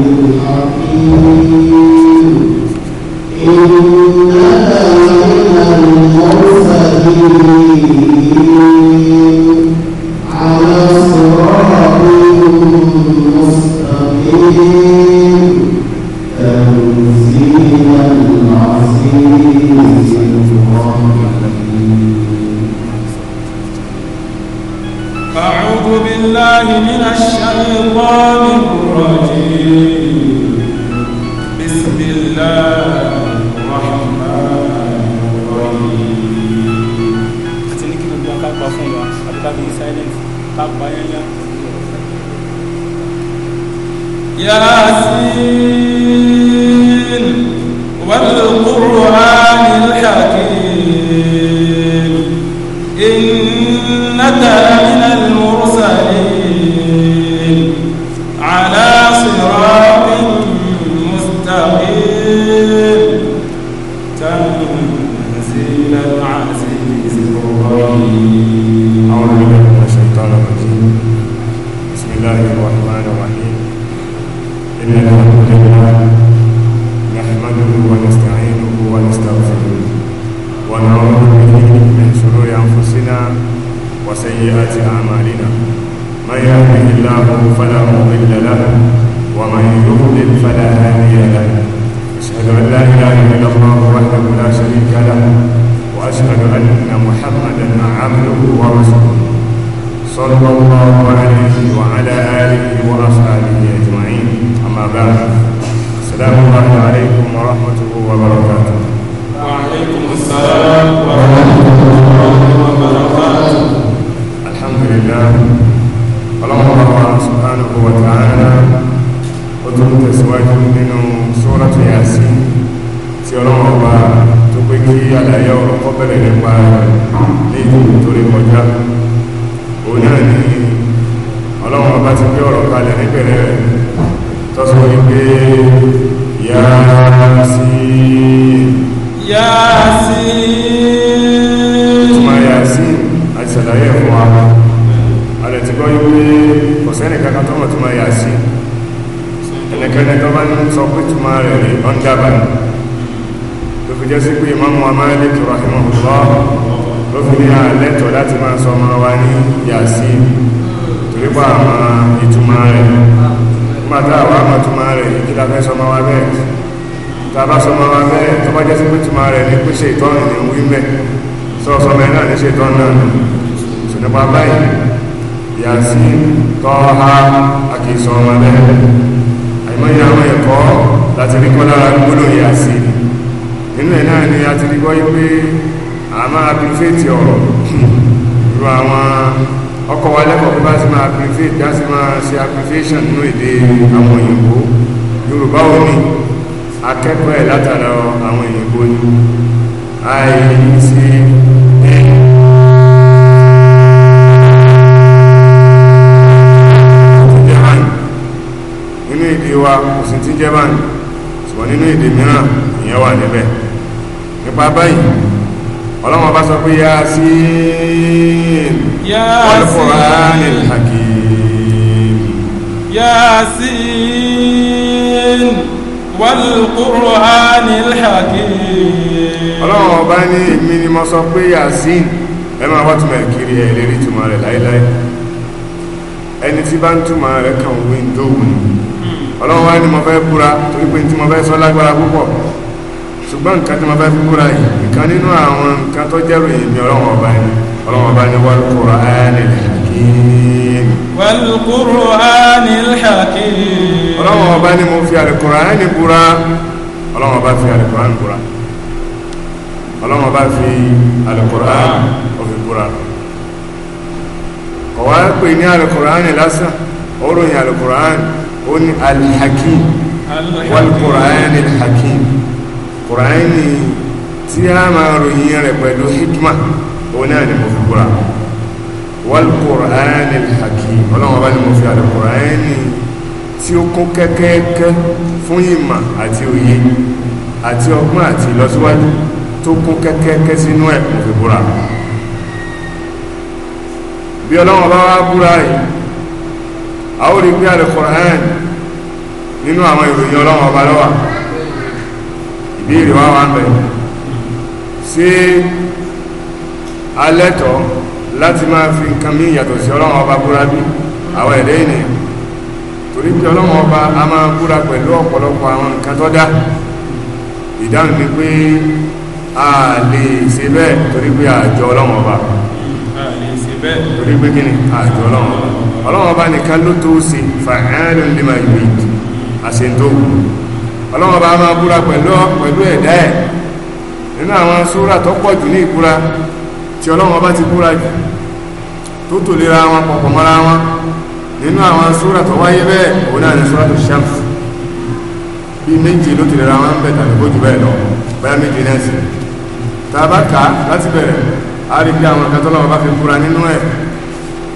حكيم إن ìtumọ̀ rẹ̀ ní ọ̀ndàbà fi jẹ́ sí Imam Malik rahimahullah ló fi ní àlẹ́tọ̀ láti máa sọ ọmọ wa ní Yasin torí pa àwọn ìtumọ̀ rẹ̀ mọ́tà àwọn àmọ̀tumọ̀ rẹ̀ kí la fẹ́ sọmọ wa bẹ́ẹ̀ tá a bá sọmọ wa bẹ́ẹ̀ tó bá jẹ́ sí pé ìtumọ̀ rẹ̀ ní pèsè ìtọ́nù ní wí mẹ́ sọ́ọ̀sọ́ mẹ́ náà ní ṣe ìtọ́nù náà ṣùgbọ́n báyìí Yasin Tọ́ha àkìsọ̀ ọmọ bẹ́ẹ̀ àìmọ́ ìyá àwọn ẹ̀kọ́ láti rí kọ́lá gbọ́dọ̀ yà sí nínú ẹ̀ náà ni a ti rí wáyé pé a máa pírífèètì ọ̀rọ̀ ru àwọn ọkọ̀ wa lẹ́kọ̀ọ́ bí bá sì máa pírífèètì á sì máa ṣe application nínú èdè àwọn òyìnbó Yorùbá ò ní akẹ́kọ̀ọ́ ẹ̀ látara àwọn òyìnbó ni àìsí nínú èdè wa kò sí ti jẹ́ báyìí ṣùgbọ́n nínú èdè mìíràn ìyẹn wà níbẹ̀ nípa báyìí ọlọ́wọ́n bá sọ pé Yasin wal-Qur'anil hakim Yasin wal-Qur'anil hakim ọlọ́wọ́n bá ní èmi ni mo sọ pé Yasin ẹ máa wá túmọ̀ kiri ẹ̀ lérí túmọ̀ rẹ̀ láéláé ẹni tí bá ń túmọ̀ rẹ̀ kàn wí ń dóhùn ọlọ́run wáyé ni mo fẹ́ búra torí pé tí mo fẹ́ sọ lágbára púpọ̀ ṣùgbọ́n nǹkan tí mo fẹ́ búra yìí nǹkan nínú àwọn nǹkan tó jẹ́rù èmi ọlọ́run ọba ni ọlọ́run ọba ni wal ọba ni mo fi Al-Qur'ani búra ọlọ́run ọba fi Al-Qur'ani búra ọlọ́run ọba fi Al-Qur'ani òfin búra kọ̀wá pè ní Al-Qur'ani lásán ó ròyìn Al-Qur'ani ó ní alhakim wal quran alhakim quran ni tí a máa ròyìn rẹ̀ pẹ̀lú hikma òun náà ni mo fi búra wal quran alhakim ọlọ́wọ́n bá ní mo fi alukuran ni tí ó kún kẹ́kẹ́kẹ́ fún ìmọ̀ àti òye àti ọgbọ́n àti ìlọsíwájú tó kún kẹ́kẹ́kẹ́ sínú ẹ̀ mo fi búra bí ọlọ́wọ́n bá wá búra yìí nínú àwọn ìròyìn ọlọ́run ọba lọ́wà ìbéèrè wá wà ń bẹ̀ sí alẹ́tọ̀ láti máa fi nǹkan mí yàtọ̀ sí ọlọ́run ọba búra bí àwọn ẹ̀dẹ́ ènìyàn torí pé ọlọ́run ọba a máa búra pẹ̀lú ọ̀pọ̀lọpọ̀ àwọn nǹkan tó dá ìdáhùn ni pé a lè ṣe bẹ́ẹ̀ torí pé àjọ ọlọ́run ọba torí pé kí ni àjọ ọlọ́run ọba ọlọ́run ọba nìkan ló tó ṣe fàáyán lè máa yìí àṣentó ọlọ́wọ́n bá máa búra pẹ̀lú ẹ̀dá ẹ̀ nínú àwọn súrà tó pọ̀ jù ní ìbúra tí ọlọ́wọ́n bá ti búra jù tó tò lera wọn pọ̀pọ̀ mọ́ra wọn nínú àwọn súrà tó wáyé bẹ́ẹ̀ òun náà ní súrà tó ṣàmùsù bí méje ló ti lera wọn bẹ́ẹ̀ tàbí bójú bẹ́ẹ̀ lọ bẹ́ẹ̀ méje náà sì tá a bá kà á láti bẹ̀rẹ̀ á rí bí àwọn akẹ́tọ́ lọ́wọ́ bá fi búra nínú ẹ̀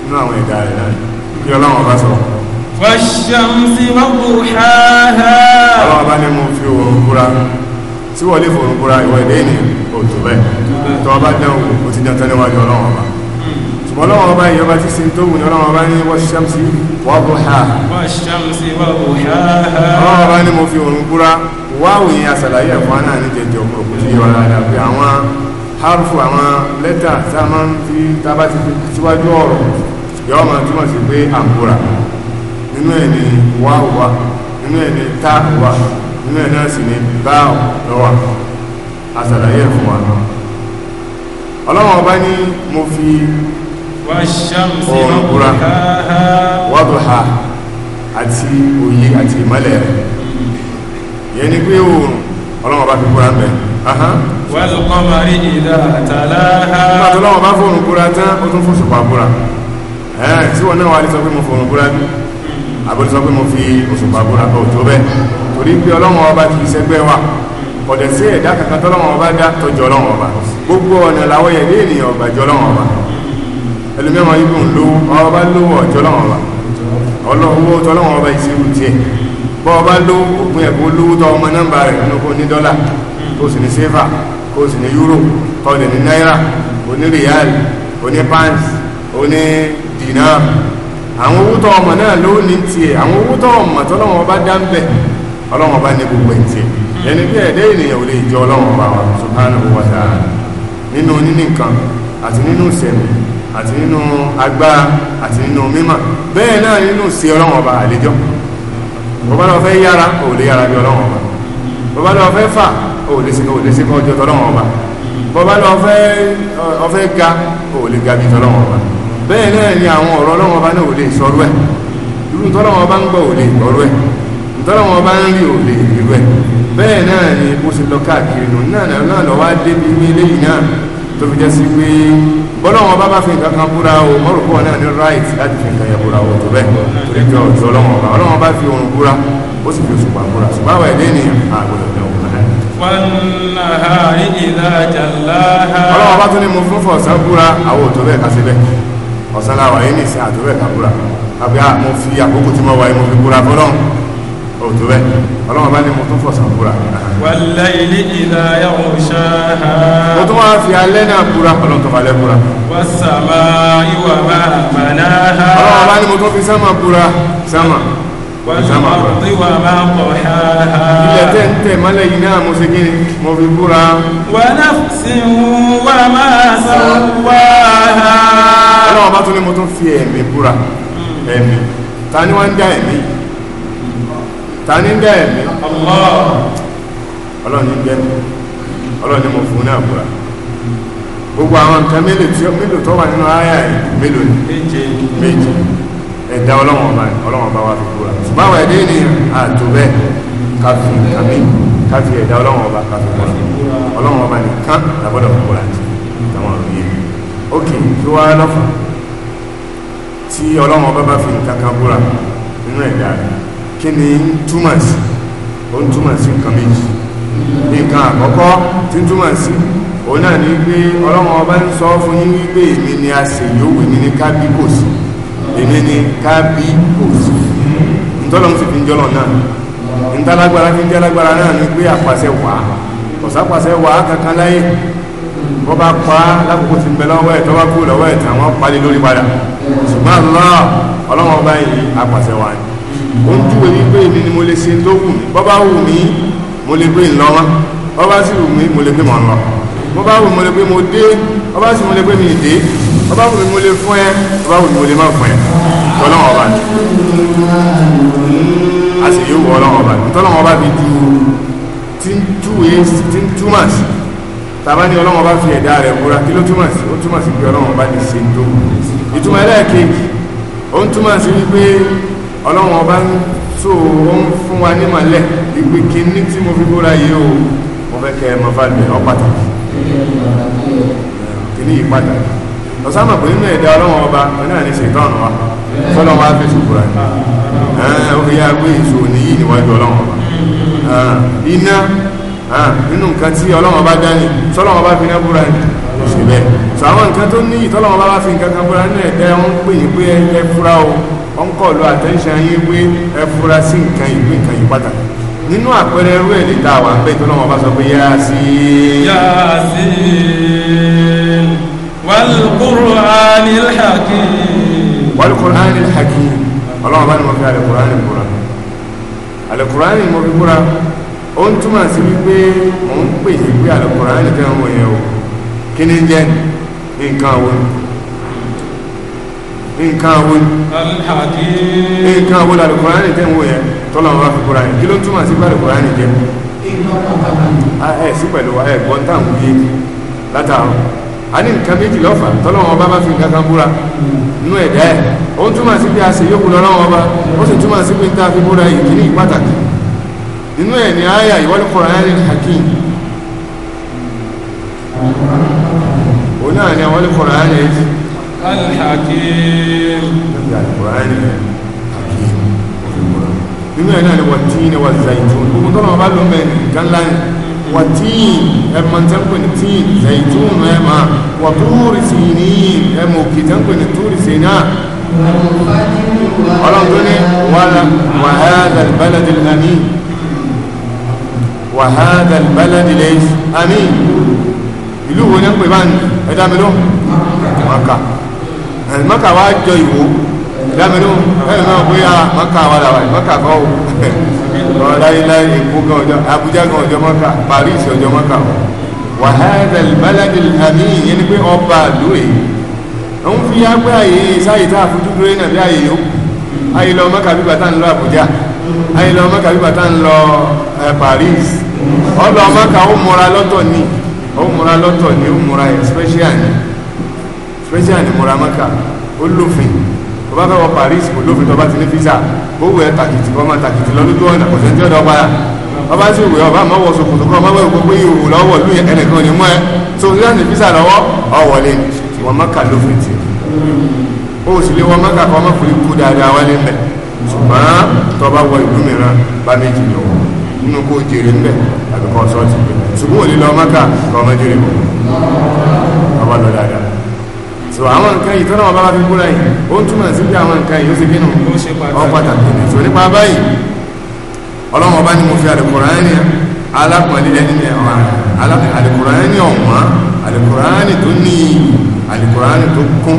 nínú àwọn ẹ̀dá ẹ̀dá ìpínlẹ̀ ọlọ́wọ́n bá sọ̀rọ̀ wàṣàmùsí wàhùháhá. ọlọ́wọ́ bá ní mo fi òun búra tí wọ́n lè fòun búra ìwọ̀ ilé ní òtò bẹ́ẹ̀ tó ọba dẹ́hùn ó ti dẹ́tọ́ níwájú ọlọ́wọ́ bá ṣùgbọ́n ọlọ́wọ́ bá ìyọba ti sin tó wùn ọlọ́wọ́ bá ní wàṣàmùsí wàhùháhá. wàṣàmùsí wàhùháhá. ọlọ́wọ́ bá ní mo fi òun búra wáwù yẹn àṣàlàyé ẹ̀fọ́ náà ní sí pé àǹbúra nínú ẹ̀ ní wá wà nínú ẹ̀ ní tá wà nínú ẹ̀ náà sì ní bá lọ́wà àṣàlàyé ẹ̀ fún wa ọlọ́wọ́n ọba ní mo fi ọ̀rùn búra ha àti òye àti ìmọ́lẹ̀ rẹ̀ yẹn ni pé oòrùn ọlọ́wọ́n bá fi kura mẹ́ wàlùkọ́mọ̀rí ìdá àtàláhà ọlọ́wọ́n bá fòrùn ha tán ó tún fòṣùpá búra ẹ̀ tí wọ́n náà wà ní sọ pé mo fòrùn búra bí àbẹ̀tí sọ pé mo fi òṣùpá búra tó tó bẹ́ẹ̀ torí pé ọlọ́run ọba kì í ṣẹgbẹ́ wa ọ̀dẹ̀ sí ẹ̀dá kankan tọ́lọ́run ọba dá tọ́jú ọlọ́run ọba gbogbo ọ̀nà làwọn yẹn ní ènìyàn ọ̀gbàjọ́ ọlọ́run ọba ẹlòmíràn yìí kò ń lówó ọba lówó ọjọ́ ọlọ́run ọba ọlọ́wọ́ tọ́lọ́wọ́ ọba ìṣirú tiẹ̀ bọ́ ọba ló òpin ẹ̀kọ́ lówó tọ́ ọmọ nọ́mbà rẹ̀ nínú kó ní dọ́là kó sì ní sẹ́fà kó sì ní yúrò kó lè ní náírà oní rìálì oní pàǹtì oní dìnà àwọn owó tó ọmọ náà ló ní tiẹ̀ àwọn owó tó ọmọ tó lọ́wọ́ bá dá ń bẹ̀ ọlọ́wọ́ bá ní gbogbo ẹ̀ tiẹ̀ ẹni bí ẹ̀dẹ́ ènìyàn ò lè jọ ọlọ́wọ́ bá wa subhanahu wa ta'ala nínú níní nǹkan àti nínú sẹ̀mí àti nínú agbára àti nínú mímọ̀ bẹ́ẹ̀ náà nínú sí ọlọ́wọ́ bá àlejò bọ́bá lọ fẹ́ yára ò lè yára bí ọlọ́wọ́ bá bọ́bá lọ fẹ́ fà ò lè sí ò lè sí kọjọ bẹ́ẹ̀ náà ni àwọn ọ̀rọ̀ ọlọ́run ọba náà ò lè sọ̀rọ̀ ẹ̀ irú tọ́lọ́run ọba ń gbọ́ ò lè gbọ́rọ̀ ẹ̀ tọ́lọ́run ọba ń rí ò lè rírọ̀ ẹ̀ bẹ́ẹ̀ náà ni bó ṣe lọ káàkiri nù náà náà lọ wá débi ní eléyìí náà tó fi jẹ́ sí pé bọ́lọ́run ọba bá fi nǹkan kan búra o mọ́rùkọ́ náà ní right láti fi nǹkan yẹn búra o tó bẹ́ẹ̀ torí jọ ọ̀tún ọlọ́run ọba fi òun búra ó sì fi ọ̀sán láwà yìí nìsín àtúbẹ̀ kàbúrà àbí mo fi àkókò tí mo wà yìí mo fi búra fọlọ́n òtò bẹ́ẹ̀ ọlọ́run bá ní mo tún fọ̀sán búra. wal-layli idha yaghshaha. mo tún wáá fi alẹ́ náà búra ọlọ́run tó falẹ̀ búra. was-samaa'i wa ma banaha. ọlọ́run bá ní mo tún fi sámà búra sámà wàlúwàrúdí wà máa kọ̀ ṣááhá. ilẹ̀ tẹ́ ń tẹ̀ mọ́lẹ̀ yìí náà mo ṣe kí ni mo fi búra. wà náà sì ń wà máa sọ wáhá náà bá tún ní mo tún fi ẹ̀mí búra ẹ̀mí ta ni wọ́n ń dá ẹ̀mí ta ni ń dá ẹ̀mí ọlọ́run ní gbẹ́mí ọlọ́run ní mo fún náà búra gbogbo àwọn nǹkan mélòó tó wà nínú àyà mélòó ni méje méje ẹ̀dá ọlọ́wọ̀n ọba ọlọ́wọ̀n ọba wa fi búra ṣùgbọ́n àwọn ẹ̀dá ènìyàn àtò bẹ́ẹ̀ káfí àmì káfí ẹ̀dá ọlọ́wọ̀n ọba káfí búra ọlọ́wọ̀n ọba nìkan làbọ́dọ̀ búra jù ok kí wá lọ́fà tí ọlọ́run ọba bá fi nǹkan kan búra nínú ẹ̀dá rẹ̀ kí ni ń túmọ̀ sí ó ń túmọ̀ sí nǹkan méjì nǹkan àkọ́kọ́ tí ń túmọ̀ sí òun náà ní pé ọlọ́run ọba ń sọ fún yín wípé èmi ni a sì yówù èmi ni ká bí kò sí èmi ni ká bí kò sí ntọ́lọ́run sì fi ń jọ́lọ̀ náà ntàlágbára fi ń jẹ́ lágbára náà ní pé àpàṣẹ wàá kọ̀sápàṣẹ wàá kankan láyé wọ́n bá pa á lákòókò ti bẹ lọ́wọ́ ẹ̀ tó bá kú lọ́wọ́ ẹ̀ tán wọ́n palẹ̀ lórí padà ṣùgbọ́n àlọ́ ọlọ́wọ́n bá yìí apàṣẹ wa ni ó ń júwe ní pé èmi ni mo lè ṣe tó wù mí bọ́ bá wù mí mo lè gbé ìlọ́wọ́ bọ́ bá sì wù mí mo lè gbé mọ̀ lọ bọ́ bá wù mí mo lè gbé mo dé bọ́ bá sì mo lè gbé mi dé bọ́ bá wù mí mo lè fún ẹ bọ́ bá wù mí mo lè má fún ẹ tọ́lọ́wọ́n ọba ni a sì yóò wọ ọlọ́wọ́n ọba ni tọ́lọ́wọ́n ọba bi ju tí ń júwe tí ń túmọ̀ sí tàbá ní ọlọ́wọ́n bá fi ẹ̀dá rẹ̀ múra kí ló túmọ̀ sí ó túmọ̀ sí pé ọlọ́wọ́n bá se ṣe tó ìtumọ̀ ẹlẹ́ẹ̀kejì ó ń túmọ̀ sí wípé ọlọ́wọ́n bá ń tó ó ń fún wa nímọ̀lẹ̀ ìpè kíní tí mo fi bóra yìí o mo fẹ́ kẹ́ ẹ mọ fàlùmí ọ pàtàkì kíní yìí pàtàkì ọ̀sán àpò nínú ẹ̀dá ọlọ́wọ́n ọba náà ní ṣètọ́nù wa fọlọ́wọ́ á fi ṣùkúra ó fi yá gbé ìṣòro níyì níwájú ọlọ́wọ́n ọba iná Ah, nínú nǹkan tí ọlọ́wọ́n bá dání sọ́lọ́wọ́n bá fi náà búra ní ṣe bẹ́ẹ̀ nǹkan tó ní ìtọ́lọ́wọ́n bá fi nǹkan kan búra nínú ẹ̀dẹ́ wọ́n pè yín pé ẹ fura o wọ́n kọ̀ lọ àtẹ́ńṣẹ́ yín pé ẹ fura sí nǹkan ìlú nǹkan yìí pàtàkì nínú àpẹẹrẹ irú ẹ̀ níta wà ń bẹ́ ìtọ́lọ́wọ́n bá sọ pé yá sí i. yá sí i wàlùkùránil hakim. wàlùkùránil hakim ọlọ́wọ́n bá ní mo fi alẹ́ kùránì ó ń túmọ̀ sí wípé mò ń pè yí pé àlùkùránì ní tẹ́wọ̀n wọ̀nyẹn o kí ni jẹ́ nǹkan àwọn nǹkan àwọn nǹkan àwọn àlùkùránì ní tẹ́wọ̀n wọ̀nyẹn tọ́lọ̀ wọn fi kúra yẹn kí ló ń túmọ̀ sí pé àlùkùránì ní jẹ́ ẹ sí pẹ̀lú ẹ gbọ́n táwọn yé látàárọ̀ a ní nǹkan méjì lọ́fà tọ́lọ́wọ́n ọba bá fi nǹkan kan búra nínú ẹ̀dá ẹ̀ ó ń túmọ̀ sí pé a ṣe yókù lọ́wọ́ ọba ó sì túmọ̀ sí pé ń tá fi búra ìkíní pàtàkì inú ẹ̀ ní àyà wal Qur'anil Hakim òun náà ní wal Qur'anil Hakim inú ẹ̀ náà ni wat-tini waz-zaytun gbogbo tọ́nà ọba ló mẹ́ nǹkan láyé wat-tin ẹ̀mọ̀ tẹ́ ń pè ní tin zaitun ẹ̀mà wa turi sinin ẹ̀mọ̀ òkè tẹ́ ní turi sinin ọlọ́run tó ní wàhálà al-balad al وهذا البلد bálẹ́dì lẹ́yìn àmì ìlú wo ní pè bá ń ẹ̀dá mi ló maka maka wá jọ ìwò ẹ̀dá mi ló ẹ̀rọ náà pé a ah, maka wà làwà maka kọ́ ò láíláí èkó gan ọjọ́ Abuja gan ọjọ́ maka Paris ọjọ́ maka wà hádà bálẹ́dì àmì ìyẹn ni pé ọba àdúrà òun fi yá àyè sáyè tá a fojú dúró náà bí àyè yòókù àyè lọ maka bí bàtà ń lọ Abuja ayé lọ mọ́kà bí bàtà ń lọ Paris ọlọ mọ́kà ó múra lọ́tọ̀ ni ó múra lọ́tọ̀ ni ó múra special ni special ni múra mọ́kà ó lófin tó bá fẹ́ wọ Paris kò lófin tó bá ti ní visa ó wẹ̀ tàkìtì kọ́ máa tàkìtì lọ lójú ọ̀nà kò sẹ́ńtì ọ̀dọ́ padà ọba sì wẹ̀ ọba àmọ́ wọ sòkòtò kọ́ ọmọ wẹ̀ gbogbo ìhòòhò lọ́wọ́ lù ẹnìkan ni mú ẹ tó ní láti visa lọ́wọ́ ọ̀wọ́lé ni wọ́n mọ́kà lófin tì ó sì lé wọ́n mọ́kà kọ́ ọmọ fòlì kú dáadáa wálé ṣùgbọ́n tọba wọ ìlú mìíràn bá méjì lọ nínú kó jèrè ń bẹ̀ àbí kọ́ sọ́ọ̀tì ṣùgbọ́n òní lọ mọ́kà kọ́ ọmọ jèrè bọ̀ ọba lọ dáadáa so àwọn nǹkan yìí tọ́nà ọba bá fi búra yìí ó ń túmọ̀ sí pé àwọn nǹkan yìí ó sì kínú ọ pàtàkì ní so nípa báyìí ọlọ́run ọba ni mo fi àlùkùránì alápọ̀lẹ́ ẹni ẹ̀wọ̀n àlùkùránì ọ̀wọ́n àlùkùránì tó ní àlùkùránì tó kún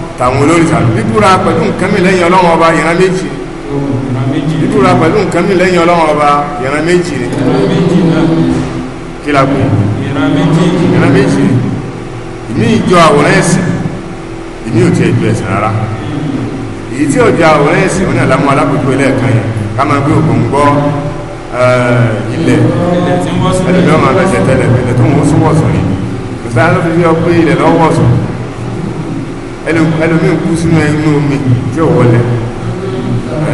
àtàwọn olórìṣà bíbúra pẹ̀lú nǹkan mi lẹ́yìn ọlọ́run ọba na méjì bíbúra pẹ̀lú nǹkan mi lẹ́yìn ọlọ́run ọba ìran méjì ni kí la pè ìran méjì ìmí ìjọ àwòrán ẹ̀sìn ìmí ò tiẹ̀ ju ẹ̀sìn rárá èyí tí ọjà àwòrán ẹ̀sìn wọn ni àlámú alábòjú ẹlẹ́ẹ̀kan yẹn ká máa gbé ògùn gbọ́ eh, ilẹ̀ ẹlẹ́mìí ọmọ abẹ́sẹ̀ tẹ́lẹ̀ ilẹ̀ tó ń wọ́sọ̀wọ́sọ̀ yìí kò sáà ló fi fi ọ pé ilẹ̀ lọ́wọ́sọ̀ ẹlòmí kú sínú inú omi tí ò wọlé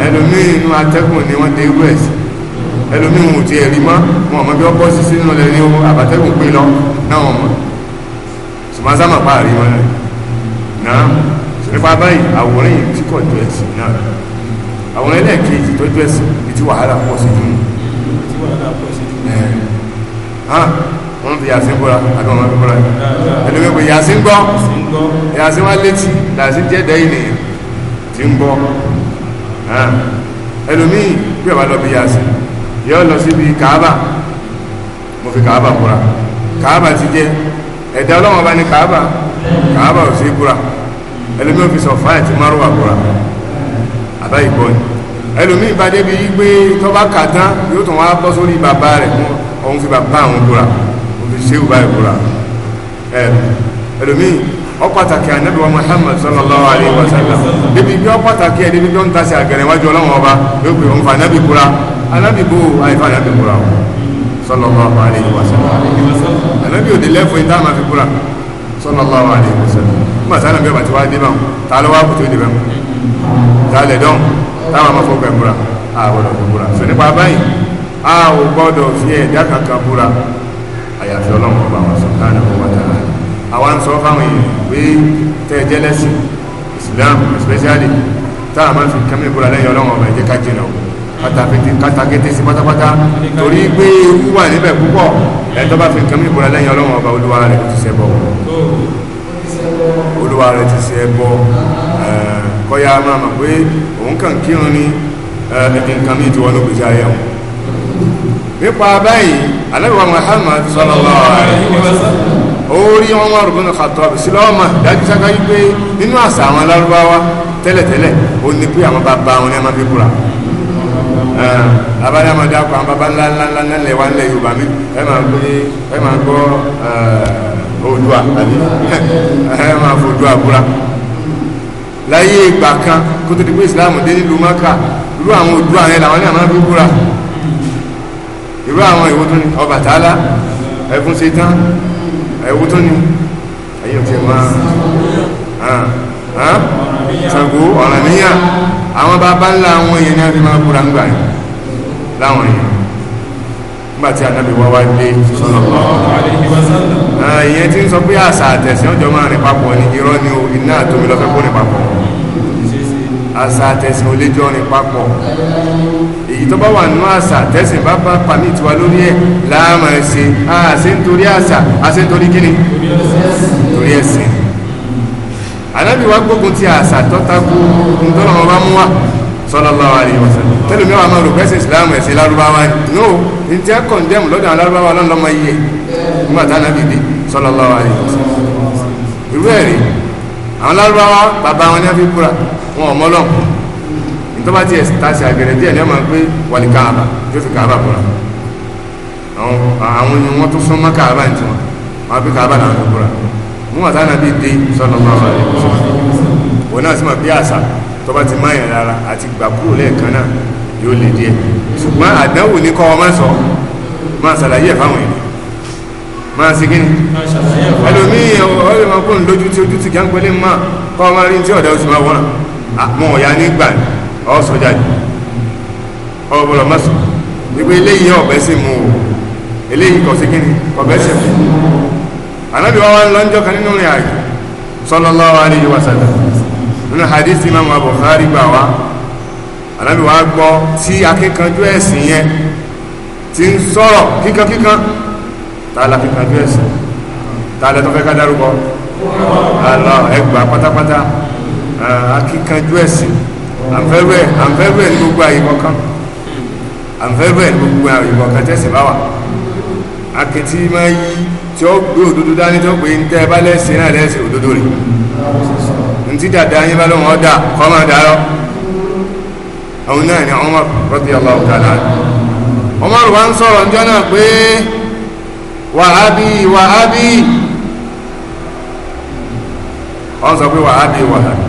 ẹlòmí inú atẹ́gùn ni wọ́n dé us ẹlòmí wọn ò ti ẹ̀rí mọ́ wọn ọmọ bí wọ́n bọ́ sí sínú ilẹ̀ ní àbátẹ́gùn pé lọ náà wọn mọ̀ ṣùgbọ́n sáà máa pa àrí wọn náà nípa báyìí àwòrán yìí tí kò jọ ẹ̀sìn náà àwòrán ẹlẹ́ẹ̀kejì tó jọ ẹ̀sìn ibi tí wàhálà pọ̀ sí jù fi yàsí bọ́ra àti ọmọ fi bọ́ra ẹlẹ́gbẹ́ pé yàsí ń gbọ́ yàsí wá létí làásí jẹ́ dẹ́ ènìyàn tí ń gbọ́ ẹlòmíì bí ọba lọ bí yàsí yọ lọ síbi kàábà mo fi kàábà bọ́ra kàábà ti jẹ́ ẹ̀dá ọlọ́wọ́n bá ní kàábà kàábà ò sí bọ́ra ẹlòmíì ò fi sọ fáyà tí márùwà bọ́ra àbá ìbọn ẹlòmíì bá débi yí pé tọ́ba kàtán yóò tún wá bọ́ sórí bàbá rẹ̀ òun fi bàbá àwọn bọ́ra ṣéwù báyìí búra ẹ ẹlòmíì ọ pàtàkì ànábì wa Muhammad sallallahu alayhi wa sallam débi bí ọ pàtàkì ẹ débi bí ọ ń tasẹ̀ àgẹ̀rẹ̀ wájú ọlọ́wọ́n ọba yóò pè wọn fa ànábì búra ànábì bò àyíká ànábì búra o sallallahu alayhi wa sallam ànábì òde lẹ́fọ̀ yìí táwọn àfi búra sallallahu alayhi wa sallam nígbà sálẹ̀ bí ọba ti wá dé bá wọn ta ló wá kùtù ìdìbẹ́ wọn ta lẹ̀ dán táwọn àmọ́ fọ́ pẹ̀ búra àwọn ọ̀dọ̀ búra sọ nípa báyìí a ò gbọ́dọ̀ fi ẹ̀dá kankan búra àyàfi ọlọ́run ọba wa subhanahu wa ta'ala àwa ń sọ fáwọn èèyàn pé tẹ́ ẹ jẹ́lẹ́sìn Islam especially tá a máa fi kẹ́mí ìbúra lẹ́yìn ọlọ́run ọba ẹ̀jẹ̀ ká jìnà o kàtàkété sí pátápátá torí pé ewu wà níbẹ̀ púpọ̀ ẹ̀tọ́ bá fi kẹ́mí ìbúra lẹ́yìn ọlọ́run ọba olúwa rẹ̀ ti ṣẹbọ olúwa rẹ̀ ti ṣẹbọ kọ́yà máa mọ̀ pé òun kàn kírun ní nǹkan míì tí wọ́n ló gbèsè ayé wọn nípa báyìí alábìwá Muhammad sallallahu alaihi wasallam orí wọn wà rògbòmù Khattab sílọ́ọ̀mà dájú sáká yí pé nínú àṣà àwọn alárúbáwá tẹ́lẹ̀tẹ́lẹ̀ ó ní pé àwọn bàbá wọn ní ẹ máa fi búra abáyá máa dákọ̀ àwọn bàbá ńlá ńlá ńlá ńlẹ̀ wà ńlẹ̀ Yorùbá mi ẹ máa gbé ẹ máa gbọ́ Oòduà àbí ẹ máa fò Oòduà búra láyé ìgbà kan kó tó pé ìsìláàmù dé nílùú Mákà irú àwọn Oòduà yẹn làwọn ní àmọ́ fi búra irú àwọn ìwò tó ní Ọbàtálá ẹkún ṣe tán ẹwò tó ní ẹ̀yìn tí ma Ṣàngó Ọ̀rànmíyàn àwọn bàbá ńlá àwọn èèyàn ní àti máa búra ń gbà yìí láwọn èèyàn nígbà tí ànábì wá wá dé ìyẹn tí ń sọ pé àṣà àtẹ̀sìn ọjọ́ máa rìn papọ̀ ní irọ́ ni iná àtòmí lọ́fẹ́ kó rìn papọ̀ àṣà àtẹ̀sìn ò lè jọ rìn papọ̀ èyí tó bá wà nínú àṣà àtẹ̀sìn bá bá pàmì ìtura lórí ẹ̀ láàmà ṣe àṣẹ nítorí àṣà àṣẹ nítorí kíni torí ẹ̀sìn anábì wa gbógun ti àṣà tọ́takú ntọ́nà ọba mú wa sallallahu alaihi wasallam tẹ́lẹ̀ mẹ́wàá máa rò pẹ́sẹ̀ ìsìláàmù ẹ̀sìn lárúbáwá no n tí a kọ̀ ń dẹ́mu lọ́dọ̀ àwọn lárúbáwá lọ́nà ọmọ iye nígbà àwọn lárúbáwá bàbá wọn ní wọn fi búra wọn ò mọ́lọ̀ ìtọ́ba tiẹ̀ ta sí àgẹ̀rẹ̀ díẹ̀ ní ọmọ pé wàlí káàbà yóò fi káàbà búra àwọn ni wọ́n tún fún mọ́ káàbà ní tiwọn wọn fi káàbà làwọn fi búra mú wọn sáà bí dé sọ́nà ọmọ àwọn àlejò wọn náà sì mọ̀ bí àṣà tọ́ba ti máa yàn rárá àti gbà kúrò lẹ́ẹ̀kan náà yóò lè díẹ̀ ṣùgbọ́n àdánwò ní kọ́ ọ sọ má ṣàlàyé ẹ̀ fáwọn ènìyàn máa ṣe kíni ẹlòmíì ọ̀rẹ́ máa kó ń lójú tí ojú ti kí á ń pẹ́lẹ́ máa kọ́ ọmọ rí tí ọ̀dà oṣù máa wọ́n mọ̀ ọ̀yá nígbà ọ̀sọ̀ jáde ọ̀bọ̀lọ̀ mọ́sọ̀ wípé eléyìí ọ̀bẹ́ sì mú o eléyìí kọ̀ sí kíni ọ̀bẹ́ sì mú ànábì wa wá ń lọ́njọ́ kan nínú rìn àjò sallallahu alaihi wasallam nínú hadith imam Bukhari gbà wá ànábì wa gbọ́ tí akíkanjú ẹ̀sìn yẹn ti ń sọ̀rọ̀ kíkankíkan tààlà fi kàdú ẹ̀sìn tààlà tó fẹ́ ká dárúkọ àlọ ẹgbàá pátápátá akíkanjú ẹ̀sìn àǹfẹ́rẹ́ àǹfẹ́rẹ́ ní gbogbo àyè kọ̀ọ̀kan àǹfẹ́rẹ́ ní gbogbo àyè kọ̀ọ̀kan tẹ̀sìn bá wà akẹ́tì máa yí tí ó gbé òdodo dání tó pé ń tẹ́ bá lẹ́sìn náà lẹ́sìn òdodo rẹ̀ ń tí dàda yín bá lóun ọ̀dà kọ́ máa dárọ́ àwọn náà ni Umar radiyallahu ta'ala Umar wá ń sọ̀rọ̀ ọjọ́ náà pé wàhábì wàhábì ọ sọ pé wàhábì wàhábì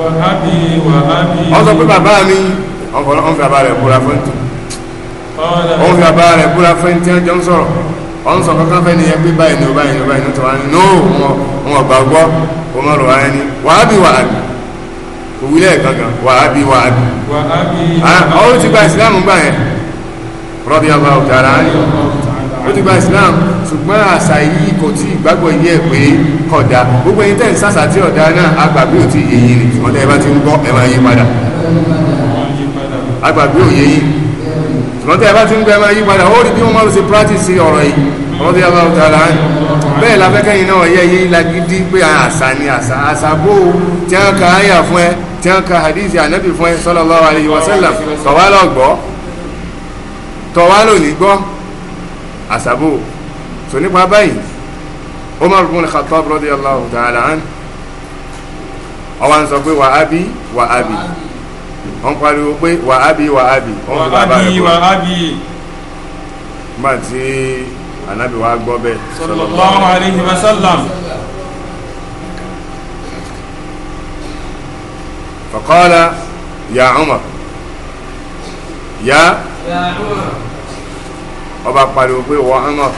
wàhábì ọ sọ pé bàbá mi fi bàbá rẹ̀ búra fún tó ọ̀n fi ń sọ̀rọ̀ ọ̀n sọ kankan fẹ́ nìyẹn pé báyìí ni ó báyìí ni ó báyìí ni ó tọ́wá ní no wọn ọ̀gbà gbọ́ wọn mọ̀ wàhábì wàhábì wàhábì wàhábì wàhábì ti gba ìsìlámù gbà yẹn radiyallahu ta'ala anhu ó ti gba islam ṣùgbọ́n àṣà yìí kò tí ìgbàgbọ́ yẹ pé kódà gbogbo ẹni tẹ́ ń sàṣà tí ọ̀dà náà agbàgbé ò tí yẹ yìí ni ṣùgbọ́n tẹ́ ẹ bá ti ń gbọ́ ẹ máa yí padà agbàgbé ò yẹ yìí ṣùgbọ́n tẹ́ ẹ bá ti ń gbọ́ ẹ máa yí padà ó rí bí wọ́n máa ń ṣe practice ọ̀rọ̀ yìí radiyallahu ta'ala anhu bẹ́ẹ̀ láfẹ́kẹ́ iná ọ̀yẹ́ yìí lagidi pé àṣà ni àṣà àṣà bó tí wọ́n ka àyà fún ẹ tí wọ́n ka hadith ànábì fún ẹ sallallahu alaihi wasallam tọ̀wálọ̀gbọ́ tọ́wá lónìí gbọ́ àṣàbò tó nípa báyìí Umar ibn Khattab radiyallahu ta'ala an ọwọ́ ń sọ pé wà á bí wà á bí wọ́n pariwo pé wà á bí wà á bí wọ́n fi bàbá rẹ̀ kọ́ nígbà tí anabi wa gbọ́ bẹ́ẹ̀ sallallahu alayhi wa sallam faqala ya Umar ya ya Umar ọba pariwo pé wọ́n hàn náà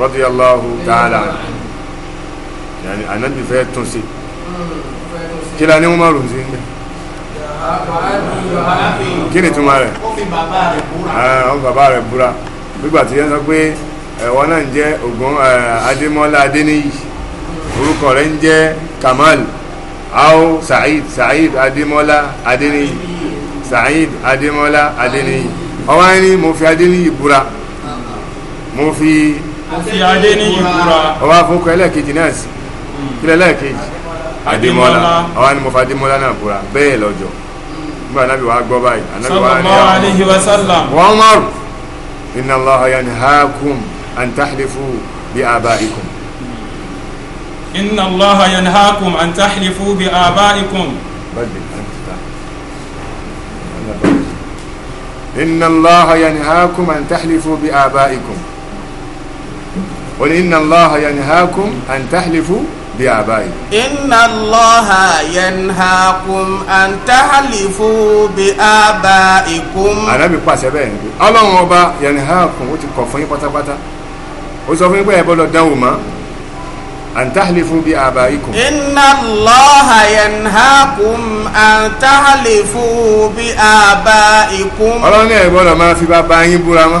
radiyallahu ta'ala yàní ànábì fẹ́ tún sí kí la ní Umaru sí ń bẹ̀ kí ni túmọ̀ rẹ̀ ọ̀n bàbá rẹ̀ búra nígbà tí yẹn sọ pé ẹ̀wọ́n náà ń jẹ́ Ògún Adémọ́lá Adéníyì orúkọ rẹ̀ ń jẹ́ Kamal ao Said Said Adémọ́lá Adéníyì Said Adémọ́lá Adéníyì ọwọ́ ẹni mo fi Adéníyì búra mo fi adé ní ìbúra ọwá fún kọ ẹlẹ́ẹ̀kejì náà sí hmm. kílẹ̀ ẹlẹ́ẹ̀kejì adémọ́lá ọwá ni mo fa adémọ́lá náà búra bẹ́ẹ̀ lọ́jọ́ nígbà anábì wa gbọ́ báyìí anábì wa ní àwọn wọ́n márùn inna Allaha yanhaakum an tahlifu bi abaikum. Hmm. inna Allaha yanhaakum an tahlifu bi abaikum. inna yanhaakum an tahlifu bi abaikum ó ní inna Allaha yanhaakum an tahlifu bí àbáyé. inna Allaha yanhaakum an tahlifu bí àbáikum. ànábì pàṣẹ bẹ́ẹ̀ ni pé ọlọ́run ọba yanhaakum ó ti kọ̀ fún yín pátápátá ó sọ fún yín pé ẹ̀ bọ́lọ̀ dánwò mọ́ an tahlifu bí àbáikum. inna Allaha yanhaakum an tahlifu bí àbáikum. ọlọ́run ẹ̀ bọ́lọ̀ máa fi bàbá yín búra mọ́.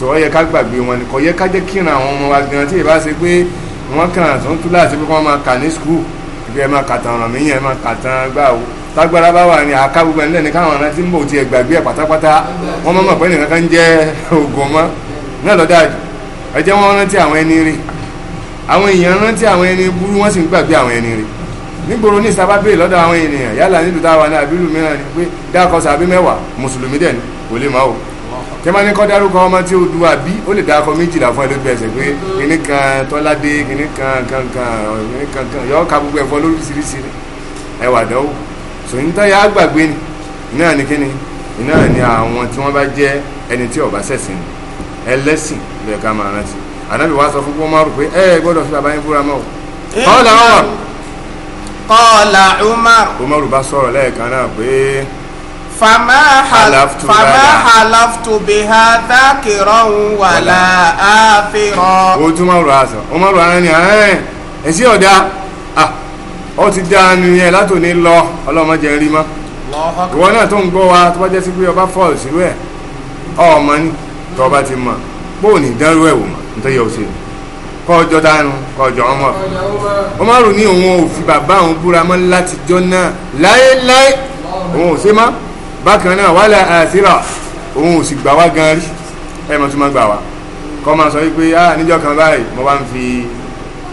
sọ ọ yẹ ká gbàgbé wọn ni kò yẹ ká jẹ́ kíran àwọn ọmọ wa gan tí ìbá ṣe pé wọ́n kàn tó ń tú láti pé wọ́n máa kà ní skul ìgbẹ́ máa kàtàn ọ̀ràn míyàn máa kàtàn gbà ó tágbára bá wà ní àká gbogbo ẹni lẹ́ni káwọn ọ̀ràn tí ń bò tiẹ̀ gbàgbé ẹ̀ pátápátá wọ́n mọ̀ pé nìkan kan jẹ́ oògùn mọ́ náà lọ́dà ẹ jẹ́ wọ́n rántí àwọn ẹni rí àwọn èèyàn rántí àwọn ẹni burú wọ́n sì ń gbàgbé àwọn ẹni rí nígboro ní ìsapá béèrè lọ́dọ̀ àwọn ènìyàn yálà nílùú táwa ní àbílù mìíràn ni pé dákọ̀ sàbí mẹ́wàá mùsùlùmí dẹ̀ ni kò lè máa wò tí wọ́n ní kọ́ dárúkọ ọmọ tí ó du àbí ó lè dárúkọ méjìlá fún ẹlẹ́bí ẹsẹ̀ pé kìnní kan tọ́ládé kìnní kan kankan kìnní kankan yọ ká gbogbo ẹ̀fọ́ lóríṣiríṣi ẹwà dánwò sòyìntàn yà á gbàgbé ni náà ni kíni náà ni àwọn tí wọ́n bá jẹ́ ẹni tí ọba sẹ̀sìn ni ẹlẹ́sìn lè ká máa rántí ànábì wa sọ fún pé wọ́n máa rò pé ẹ gbọ́dọ̀ fi bàbá yín búra mọ́ o. kọ́ọ̀lá Umar. Umar bá sọ̀rọ̀ lẹ́ẹ̀kan náà pé. فما حلفت فما حلفت بها ذاكرا ولا آثرا o tún máa rọ àṣà o máa rọ ara ni ẹ sí ọ̀dà ọ ti dá a nìyẹn látòní lọ ọlọ́mọdé rí mọ́ ìwọ náà tó ń gbọ́ wa tó bá jẹ́ sí pé ọba fọ́ọ̀lù sílú ẹ̀ ọmọ ní tó ọba ti mọ̀ bóò ní dẹ́rù ẹ̀wò mọ̀ nítorí ọ̀sẹ̀ kọjọ́ dánú kọjọ́ ọmọ Umaru ní òun ò fi bàbá òun búra mọ́ látijọ́ náà láéláé òun ò ṣe mọ́ bákan náà wàhálà àtìrà òun ò sì gbà wá gan rí ẹ mọ̀ tó máa gbà wá kọ́ máa sọ wípé ah níjọ́ kan báyìí mo bá ń fi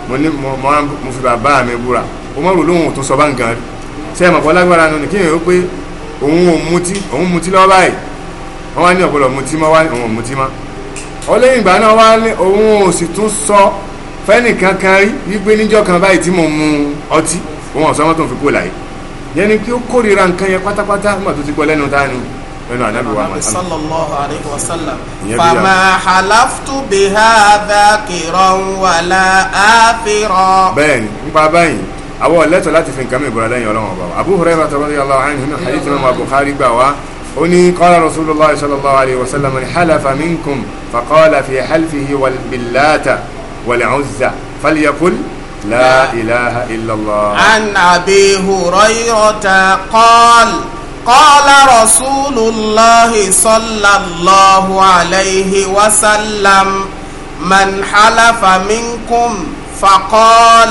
mo ní mo fi bàbá mi búra o mọ̀ rò lóhùn tó sọ bá ń gan rí ṣe é mọ̀ pọ̀ lágbára nù ní kíyàn ó pé òun ò mutí òun mutí lọ́wọ́ báyìí wọ́n wá ní ọ̀pọ̀lọ̀ mutí mọ́ wá òun ò mutí mọ́ ó lẹ́yìn ìgbà náà wá ní òun ò sì tún sọ fẹ́nìkan kan rí wípé níjọ́ kan báyìí tí mo mu ọtí òun ọ̀sán mọ́tò fi kó láyé yẹn ni kí ó kórira nǹkan yẹn pátápátá nígbà tó ti gbọ́ lẹ́nu tá ni lẹ́nu ànábì wa Muhammad sallallahu alayhi wa sallam fama halaftu biha dhakiran wala afira. bẹ́ẹ̀ni nípa báyìí àwọn ọ̀lẹ́tọ̀ láti fi nǹkan mi ìbúra lẹ́yìn ọlọ́wọ́n ọba Abu Hurairah radiyallahu anhu nínú hadith mẹ́wàá Bukhari gbà wá ó ní qala rasulullah sallallahu alayhi wa sallam ni halafa minkum faqala fi halfihi wal billata wal uzza falyakul لا إله إلا الله عن أبي هريرة قال قال رسول الله صلى الله عليه وسلم من حلف منكم فقال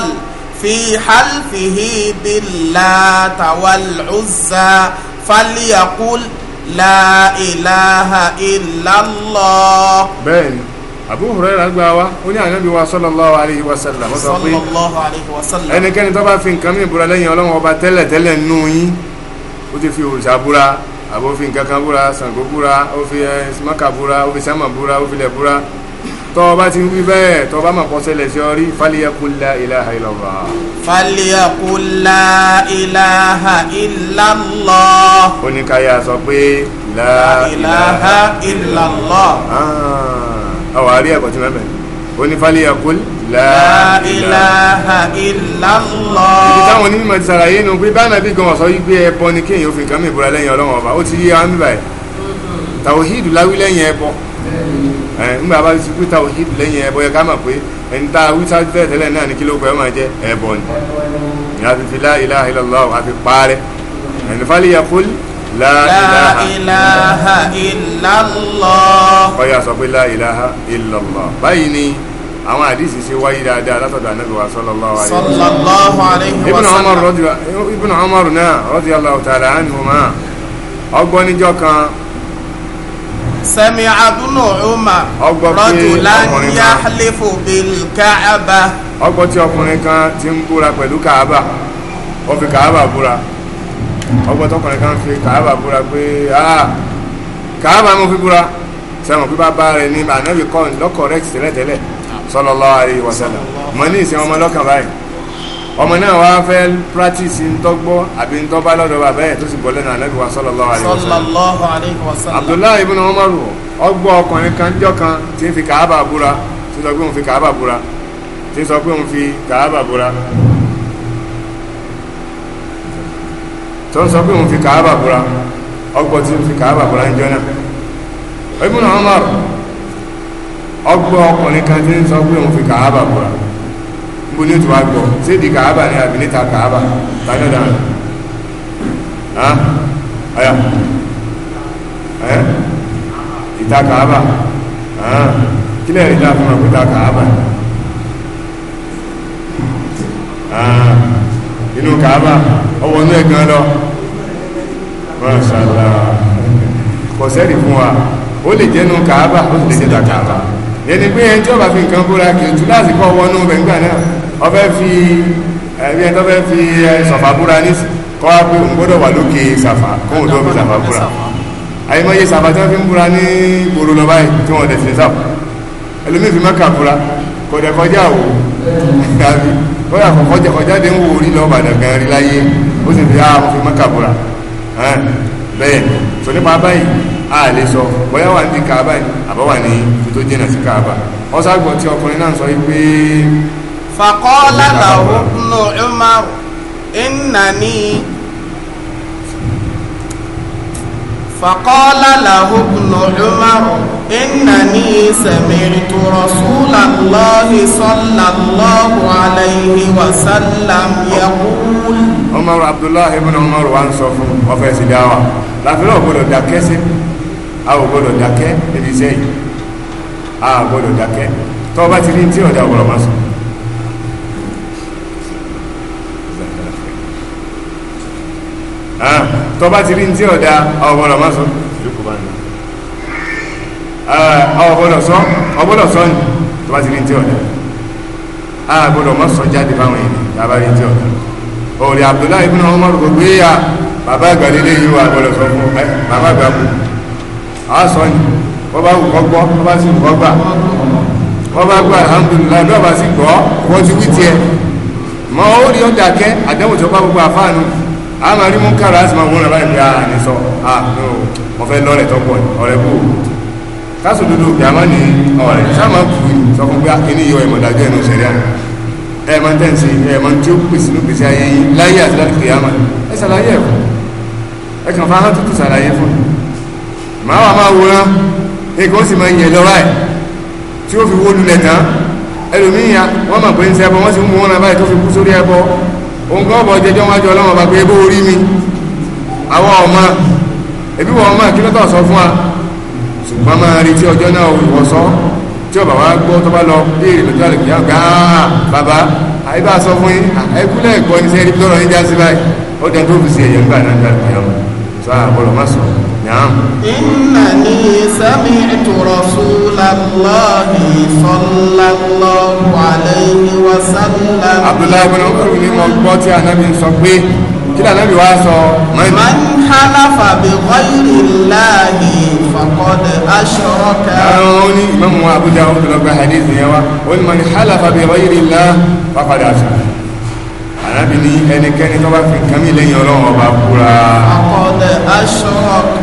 في حلفه باللات والعزى فليقل لا إله إلا الله بين Abu Hurairah gba wa ó ní ànábi wa sallallahu alayhi wa sallam ó sọ pé ẹnikẹ́ni tó bá fi nǹkan mi búra lẹ́yìn ọlọ́run ọba tẹ́lẹ̀ tẹ́lẹ̀ nù yín ó ti fi òrìṣà búra àbó fi nǹkan kan búra Ṣàngó búra ó fi eh, mọ́kà búra ó fi sẹ́mà búra ó fi lẹ̀ búra tọ́ ọba ti wí bẹ́ẹ̀ tọ́ ọba mọ̀ pọ́ sẹlẹ̀ sí ọrí falyaqul la ilaha illallah. falyaqul la ilaha ọwọ́ àrí ẹ̀kọ́ tí mẹ́fẹ̀ẹ́ onífàlẹ́ yakul la ilaha illallah. ibi táwọn onímọ̀ ti sàlàyé nu pé báyìí nàbí gan ọ̀sọ́ yí pé ẹbọ ni kéèyàn òfin kan mìíràn lẹ́yìn ọlọ́run ọba ó ti yé àwọn bíbáyìí mm-hmm. tàwọ̀hídù láwí lẹ́yìn ẹbọ ńgbà bá ti pé tàwọ̀hídù lẹ́yìn ẹbọ yẹ ká mọ̀ pé ẹni ní kí ló pẹ́ la ilaha illallah ọyà sọ pé la ilaha illallah báyìí ni àwọn àdìsí ṣe wáyé dáadáa látọ̀dọ̀ ànábì wa sallallahu alayhi wa sallam ibn Umar ibn Umar náà radiyallahu ta'ala anhuma ọgbọ́n níjọ́ kan sami abunu umar rajulan yahlifu bil ka'aba ọgbọ́n tí ọkùnrin kan ti ń búra pẹ̀lú kàába ó fi kàába búra ọgbọ́n tọkùnrin kan fi kàábà búra pé kàábà mo fi búra sẹ́wọ̀n pípa bá rẹ̀ ní ànábì kọ́ lọ́kọ̀ rẹ̀ tẹ́lẹ̀tẹ́lẹ̀ sallallahu alaihi wasallam mọ ní ìsìn ọmọ lọ́kàn báyìí ọmọ náà wá fẹ́ practice ntọ́gbọ́ àbí ntọ́ba lọ́dọ̀ bàbá ẹ̀ tó sì bọ́ lẹ́nu ànábì wa sallallahu alaihi wasallam Abdullahi ibn Umar ọgbọ́ ọkùnrin kan jọ́ kan tí ń fi kàábà búra tí sọ pé òun fi kàábà búra tí sọ pé òun fi kàábà búra tó ń sọ pé òun fi kàábà búra ọgbọ́ tí ó fi kàábà búra ń jọ́nà Ibn Umar ọgbọ́ ọkùnrin kan tí ń sọ pé òun fi kàábà búra níbo ní ètò àgbọ̀ sí èdè kàábà ní àbí níta kàábà tàyọ̀ dáná ọ̀yà ìta kàábà kílẹ̀ ìta fún ọkùnrin ta kàábà gan lọ mọ́ṣálá kọ̀sẹ́rì fún wa ó lè jẹ́nu kàábà ó lè jẹ́ tàkàbà yẹni pé ẹni tí ó bá fi nǹkan búra kì í tú láti kọ́ wọnú bẹ̀ngbà náà ọfẹ́ fi ẹbí ẹni tó fẹ́ fi sọ̀fà búra ní kọ́ wá pé òun gbọ́dọ̀ wà lókè sàfà kóhùn tó fi sàfà búra àyèmọ́yé sàfà tí wọ́n fi ń búra ní gbòòrò lọ báyìí tí wọ́n dẹ̀ sí sàfà ẹlòmíì fi mẹ́kà búra kò dẹ̀ kọjá òwò kọjá kọjá dé ń wò orí lọ́ọ̀bàdàn ó sì ah, fi àwọn fi mọ́kà búra bẹ́ẹ̀ tó nípa báyìí a lè sọ bóyá wà ní kaaba ni àbá wà ní ibi tó jìnà sí kaaba wọ́n sáàgbọ́ tí ọkùnrin náà sọ wípé. faqala lahu ibnu umar innani. fàkọ́lá làhùbùnú ọmọ ìnàní sẹ̀mìrìtò rọ̀ṣúlà lọ́ọ̀lì sọ́là lọ́ọ̀bù aláìhí wàsálàm yẹ̀kúl. Umar Abdullah ibn Umar wa ń sọ fún ọfẹ́ sí dáwà láfíà ò gbọdọ̀ sí a ò gbọdọ̀ dákẹ́ níbi iṣẹ́ tọ́ bá ti rí tí ọ̀dà ọ̀gbọ̀rọ̀ máa sọ tó bá ti rí tí ọ̀dá ọ̀bọ̀lọ̀ má sọ ọ̀bọ̀lọ̀ sọ ọ̀bọ̀lọ̀ sọ ní tó bá ti rí tí ọ̀dá àgbọ̀lọ̀ má sọ jáde fáwọn èèyàn tàbá rí tí ọ̀dá òrì Abdullahi ibn Umar kò gbé ya bàbá àgbà lílé yìí wà àgbọ̀lọ̀ sọ fún bàbá àgbà kù á sọ ní wọ́n bá wù kọ́ gbọ́ wọ́n bá sì wù kọ́ gbà wọ́n bá gbà alhamdulillah lọ́ọ̀ bá sì gbọ́ wọ́n ti wí tiẹ̀ mọ́ ó rí ọ̀dà àdéhùn tó bá gbogbo àfáànù a máa rí mú kára a sì máa wọ́n rẹ̀ báyìí pé a ah, ní sọ a ah, ní o mo fẹ́ lọ́rẹ̀ tọ́pọ̀ ọ̀rẹ́ kù káṣù dúdú kì á má ní ọ̀rẹ́ sáàmà kù sọ fún pé ah, kíní yọ ìmọ̀dájọ́ ẹ̀nu sẹ̀ríà ẹ̀ máa tẹ̀ ń ṣe ẹ̀ máa tí ó pè sínú gbèsè ayé yín láyé àti láti kìí àmà ẹ ṣàlàyé ẹ̀kọ́ ẹ kàn fáwọn tuntun ṣàlàyé fún mi màá wà máa wòran nǹkan ó sì máa yẹn lọ́ra ẹ̀ tí ó fi wó lulẹ̀ tán ẹlòmíyàn wọ́n mọ̀ pé ń ṣẹbọ wọ́n sì ń mú wọn náà báyìí tó fi kú sórí òun kọ́ bọ̀ jẹjọ́ wájú ọlọ́run ọba pé ebó orí mi àwọn ọmọ ẹbí wọn ọmọ kí ló tọ̀ sọ fún wa ṣùgbọ́n máa retí ọjọ́ náà ìwọ sọ tí ọba wa gbọ́ tó bá lọ béèrè lọ́jọ́ àlùkí àgbà bàbá àyíbá sọ fún yín àìkúlẹ̀ ẹ̀kọ́ ní sẹ́yìn tó rọ̀ yín já sí báyìí ó dẹ̀ tó fi sí ẹ̀yẹ̀ nígbà náà sọ ah, àbọ̀lọ̀ má sọ naam. innani sami'tu rasulallahi sallallahu alayhi wa sallam. abdullahi ibn umar ni mo gbọ́ tí anabi sọ pé kí ni anabi wá sọ. man halafa bi ghayri llahi faqad ashraka. àwọn oní ìmọ̀ mu abuja ó dùn lọ́gbà hadith yẹn wa ó ní man halafa bi ghayri llahi faqad ashraka ànábì ní ẹnikẹ́ni tó bá fi nǹkan mi lẹ́yìn ọlọ́run ọba búra àkọọ́dẹ aṣọ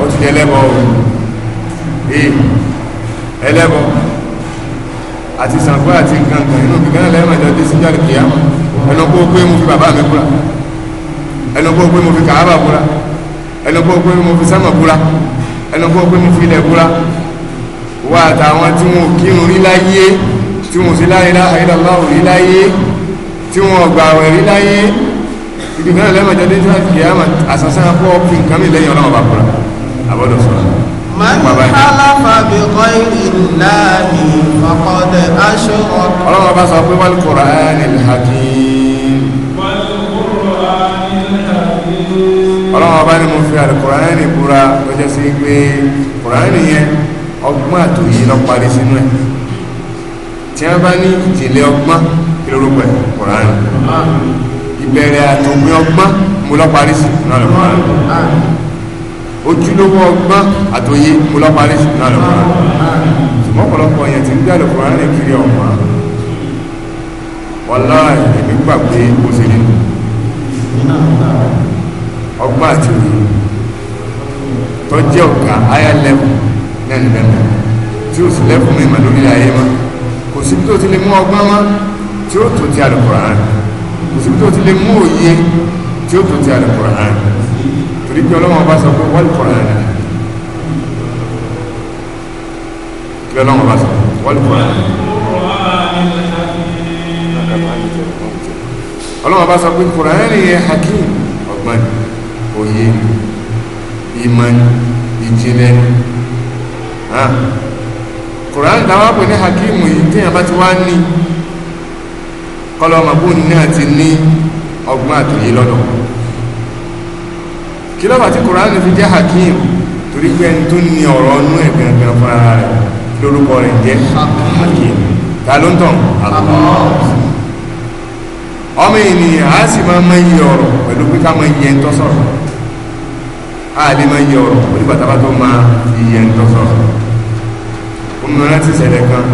ó ti ẹlẹ́bọ o ee ẹlẹ́bọ àti Ṣàngó àti nǹkankan inú kíkan náà lẹ́yìn ọjọ́ dé síjà kìá ẹnu kó pé mo fi bàbá mi búra ẹnu kó pé mo fi kàábà búra ẹnu kó pé mo fi sámà búra ẹnu kó pé mo fi ilẹ̀ búra wà àtàwọn tí wọn ò kírun rí láyé tí wọn ò sí láyé láhàá ìlàláhùn rí láyé tí wọ́n gbà àwẹ̀ rí láyé ìdìgbọ́n lẹ́mọ̀jọ́ dé tíwájú kìí àmà àsásán fọ́ fi nǹkan mi lẹ́yìn ọlọ́run bàbá àbọ̀dọ̀ sọ̀rọ̀ ọlọ́run bá sọ pé wal Qur'anil hakim ọlọ́run bá ní mo fi al-Qur'ani búra tó jẹ́ sí pé Qur'ani yẹn ọgbọ́n àtòyí lọ parí sínú ẹ̀ tí ní ìjìnlẹ̀ kí ló rúkọ ẹ kọ̀ọ̀rán ìbẹ̀rẹ̀ àtòpin ọgbọ́n mo lọ parí sí náà lọ kọ̀ọ̀rán ojúlówó ọgbọ́n àtòyé mo lọ parí sí náà lọ kọ̀ọ̀rán ṣùgbọ́n ọ̀pọ̀lọpọ̀ yẹn ti ń dá lọ kọ̀ọ̀rán rẹ̀ kiri ọ̀gbọ́n wọlá èmi gbà pé ó ṣe nínú ọgbọ́n àtòyé tó jẹ́ ọ̀gá higher level náà ní bẹ́ẹ̀ tí ó sì lẹ́fún mi mà lórí ayé ma kò sí tó ti lè mú ọgbọ́n wọn tí ó tó ti alukur'an kò síbi tó ti lè mú òye tí ó tó ti alukur'an torí pé ọlọ́wọ́n bá sọ pé wọ́n kọ̀ọ̀rán rẹ̀ kí ọlọ́wọ́n bá sọ wọ́n kọ̀ọ̀rán ọlọ́wọ́n bá sọ pé kọ̀ọ̀rán rẹ̀ hakim ọgbọ́n òye ìmọ̀ ìjìnlẹ̀ kọ̀ọ̀rán dáwà pé ní hakim yìí tí bá ti wá ní kọlọmọbó náà ti ní ọgbọ́n àtòyé lọ́dọ̀ kí lọ́fà tí kòránì fi jẹ́ hakim torí pé ẹni tó ní ọ̀rọ̀ ọnú ẹ̀ gbẹ̀ngbẹ̀ fúnra rẹ̀ lórúkọ rẹ̀ jẹ́ hakim ta ló ń tàn ọmọ ènìyàn á sì máa mọ iye ọ̀rọ̀ pẹ̀lú pé ká mọ iye ń tọ́ sọ̀rọ̀ á lè mọ iye ọ̀rọ̀ pẹ̀lú bàtà bá tó máa iye ń tọ́ sọ̀rọ̀ òmìnira ti ṣẹlẹ̀ kan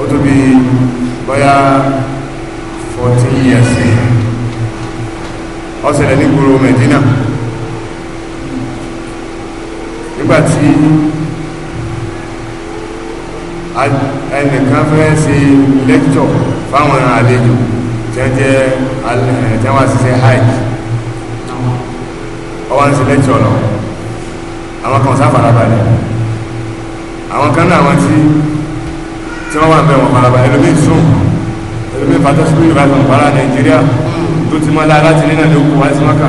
ó tó bí bọ́yá 14 years ó ṣẹlẹ̀ ní gbòòrò Medina nígbàtí ẹnìkan fẹ́ ṣe lẹ́kítọ̀ fáwọn àlejò jẹ́jẹ́ jẹ́wà ṣiṣẹ́ hajj ọwá ń ṣe lẹ́kítọ̀ lọ àwọn kan sáfàrabalẹ̀ àwọn kan náà àwọn tí wọ́n wà ń bẹ̀ wọ́n farabalẹ̀ lómi sùn lómi ìfàtọ́ sí pé ìbátan para nàìjíríà tó ti mọ́lá láti nínà ló kù wáyé símáka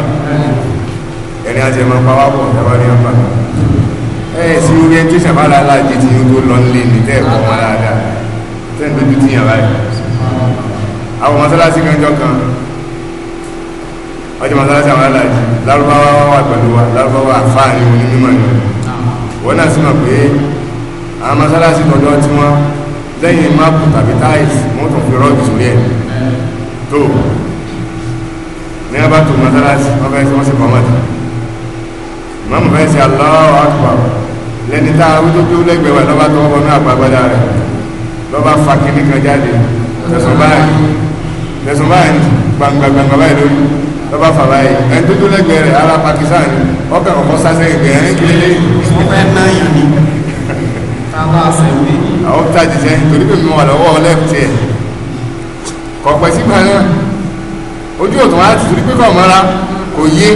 ẹni àti ẹ̀mọ́ pa wápọ̀ ẹ̀wá ní ọgbà ẹ̀ sí orí ẹjọ́ ìṣàbára aláàjì tí ó tó lọ nílé ní tẹ́ẹ̀kọ́ wọn dáadáa tẹ́ẹ̀ lójú tí yàn báyìí àwọn mọ́sálásí kan jọ kan ọjọ́ mọ́sálásí àwọn aláàjì lárúbáwá wà pẹ̀lú wa lárúbáwá àfáà ni onímọ̀ ni wọn náà sì mọ̀ pé àwọn mọ́sálásí tọjọ́ tí wọ́n lẹ́yìn máàpù tàbí táìsì wọ́n tún fi rọ́ọ̀dì sórí ẹ̀ tó ní a bá tó mọ́sálásí wọ́n fẹ́ wọ́n sì kọ́ mọ́tì mọ́mù fẹ́ sí Allahu Akbar lẹ́ni tá a wí tó tó lẹ́gbẹ̀ẹ́ wà lọ́ba tó wọ́n náà gbàgbọ́dá rẹ̀ lọ́ba fa kìnnì kan jáde tẹ̀sùn báyìí tẹ̀sùn báyìí gbàngbàngbà báyìí lórí lọ́ba fa báyìí ẹni tó tó lẹ́gbẹ̀ẹ́ rẹ̀ ara Pakistan ọkọ̀ ọ̀kọ́ sásẹ̀ gẹ̀ẹ́ àwọn tájì jẹ́ torí pé mi wà lọ́wọ́ lẹ́ẹ̀tì ẹ̀ kọ̀pẹ́ sígbà náà ojú ọ̀tún wá ti torí pé kọ̀ mọ́ra kò yé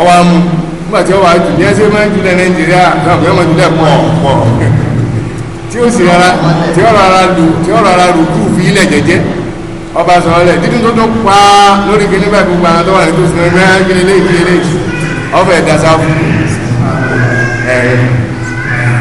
ọwọ́ amú nígbàtí ọwọ́ àjù ní ẹsẹ̀ máa ń jùlẹ̀ nàìjíríà náà bí ọmọ jùlẹ̀ pọ̀ pọ̀ tí ó sì rárá tí ọ̀rọ̀ ara lù tí ọ̀rọ̀ ara lù kú fi ilẹ̀ jẹ́jẹ́ ọba sọ̀rọ̀ lẹ̀ dídún tó tó pa lórí kíní bá gbogbo àwọn tó wà nítòsí náà ní ẹgbẹ́ ilé ìgbélé ọbẹ̀ ìdásá fún ẹ̀rẹ́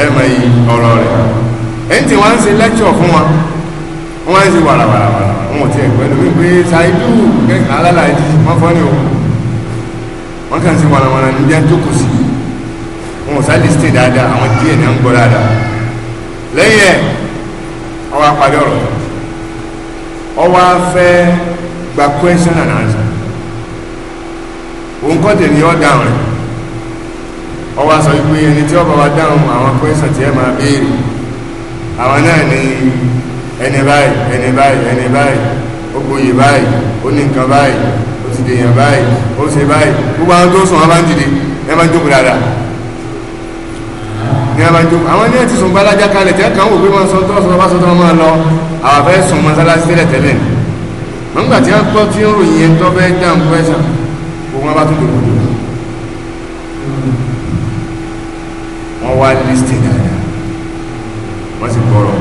ẹ mọ ọ̀rọ̀ rẹ̀ ẹ̀ wọ́n ń lẹ́kṣọ̀ fún wa wọ́n ń wàràwàràwàrà wọn ti tiẹ̀ pẹ̀lú wípé ṣáìdú kẹ́kẹ́ alálàájì wọ́n fọ́ ni o wọ́n kàn sí wàràwàrà ní jẹ́ tó kù sí wọn ò sáàlì na dáadáa àwọn díẹ̀ dáadáa lẹ́yìn ẹ̀ ọwọ́ ọ̀rọ̀ ọwọ́ afẹ́ gba òun kọ́ rẹ̀ wọ́n wá sọ wípé ẹni tí ọba wa dáhùn àwọn pẹ́sàn tí ẹ máa béèrè àwọn náà ní ẹni báyìí ẹni báyìí ẹni báyìí ó gboyè báyìí ó ní nǹkan báyìí ó ti dèèyàn báyìí ó ṣe báyìí gbogbo àwọn tó sùn wọn bá ń dìde ẹ máa ń jókòó dáadáa ní a máa jókòó àwọn ní ẹ ti sùn gbalaja kalẹ̀ tẹ́ kàn wò pé wọ́n sọ tó sọ bá sọ tó máa lọ àwọn afẹ́ sùn mọ́sálásí tẹ́lẹ̀ tẹ́lẹ̀ nígbà tí wọ́n gbọ́ tí ń ròyìn ẹ tọ́ fẹ́ dáhùn pẹ́sàn òun wọn bá tún dòkòdò wọ́n wá lísìtì dáadáa wọ́n sì gbọ́rọ̀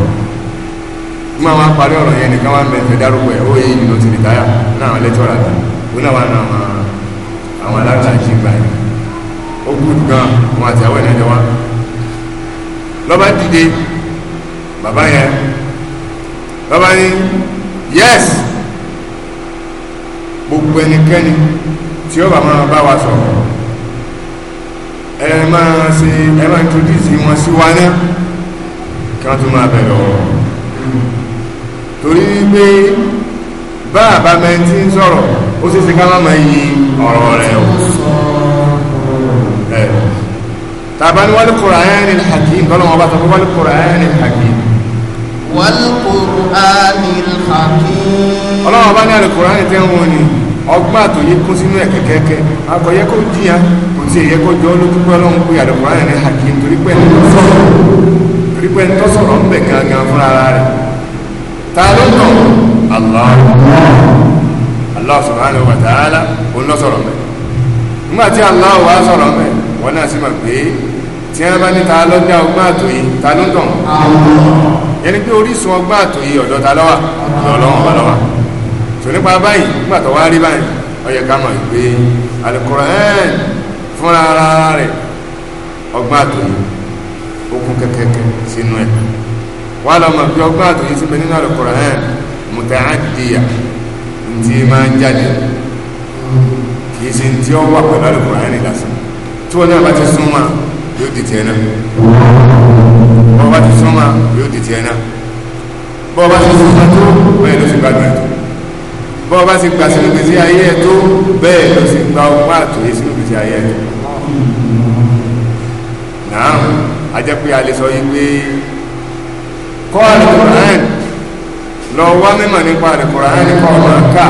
nígbà wọn parí ọ̀rọ̀ yẹn nìkan wọn mẹ́fẹ̀ẹ́ dárúkọ ẹ̀ ó yẹ ìlú ló ti rìtáyà náà àwọn lẹ́tọ́rà kan ó náà wọn àwọn àwọn alága yìí gbà yìí ó gùn gan wọn àti àwọn ènìyàn wa lọ́ba dìde bàbá yẹn lọ́ba ní yes gbogbo ẹnikẹ́ni tí ó bá máa bá wa sọ̀rọ̀ ẹ máa ṣe ẹ máa introduce wọn sí wa náà kí wọ́n tún máa bẹ̀rẹ̀ ọ̀rọ̀ torí pé bá àbámẹ́ntí ń sọ̀rọ̀ ó sì ṣe ká má máa yin ọ̀rọ̀ rẹ̀ o tàbá ní wal Qur'anil Hakim tọ́lọ́ wọn bá sọ pé wal Qur'anil Hakim wal Qur'anil Hakim ọlọ́wọ́n bá ní al Qur'an tẹ́ ń wọ́n ni ọgbọ́n àtòyé kún sínú ẹ̀ kẹ́kẹ́kẹ́ akọ̀yẹ́ tí èyẹ kọjọ́ lójú pé ọlọ́run pé àdàkùn rárẹ̀ ní hakim torí pé ẹni tó sọ̀rọ̀ torí pé ẹni tó sọ̀rọ̀ ń bẹ̀ gangan fúnra rẹ̀ ta ló tọ̀ Allah Allah subhanahu wa ta'ala òun lọ sọ̀rọ̀ mẹ́ nígbà tí Allah wa sọ̀rọ̀ mẹ́ wọn náà sì mọ̀ pé tí wọ́n bá ní ta lọ́jà ọgbọ́n àtòyí ta ló tọ̀ yẹni pé orísun ọgbọ́n àtòyí ọ̀dọ̀ ta lọ́wà lọ́wọ́ wa lọ́wà tò nípa báyìí nígbà tó wá rí Al-Qur'an fúnra ara rẹ̀ ọgbọ́n àtòyí okun kẹkẹkẹ sínú ẹ̀ wà lọ́mọ bí ọgbọ́n àtòyí sí benin alukọ̀rọ̀ ẹ̀ mùtàádìyà tí máa ń jáde kìí ṣe tí ó wà pẹ̀lú alukọ̀rọ̀ ẹ̀ nìlásán tí wọ́n náà bá ti súnmọ́ yóò di tiẹ̀ náà bọ́ọ̀ bá ti súnmọ́ yóò di tiẹ̀ náà bọ́ọ̀ bá ti súnmọ́ tó bẹ́ẹ̀ ló ti gbàgbé tó bọ́ ọba sì gbà sínú gbèsè ayé ẹ̀ tó bẹ́ẹ̀ ló sì gba ọgbà àtòyé sínú gbèsè ayé ẹ̀ tó náà a jẹ́ pé a lè sọ yìí pé kọ́ àlùkùrán lọ wá mímọ̀ nípa àlùkùrán nípa ọ̀nà ká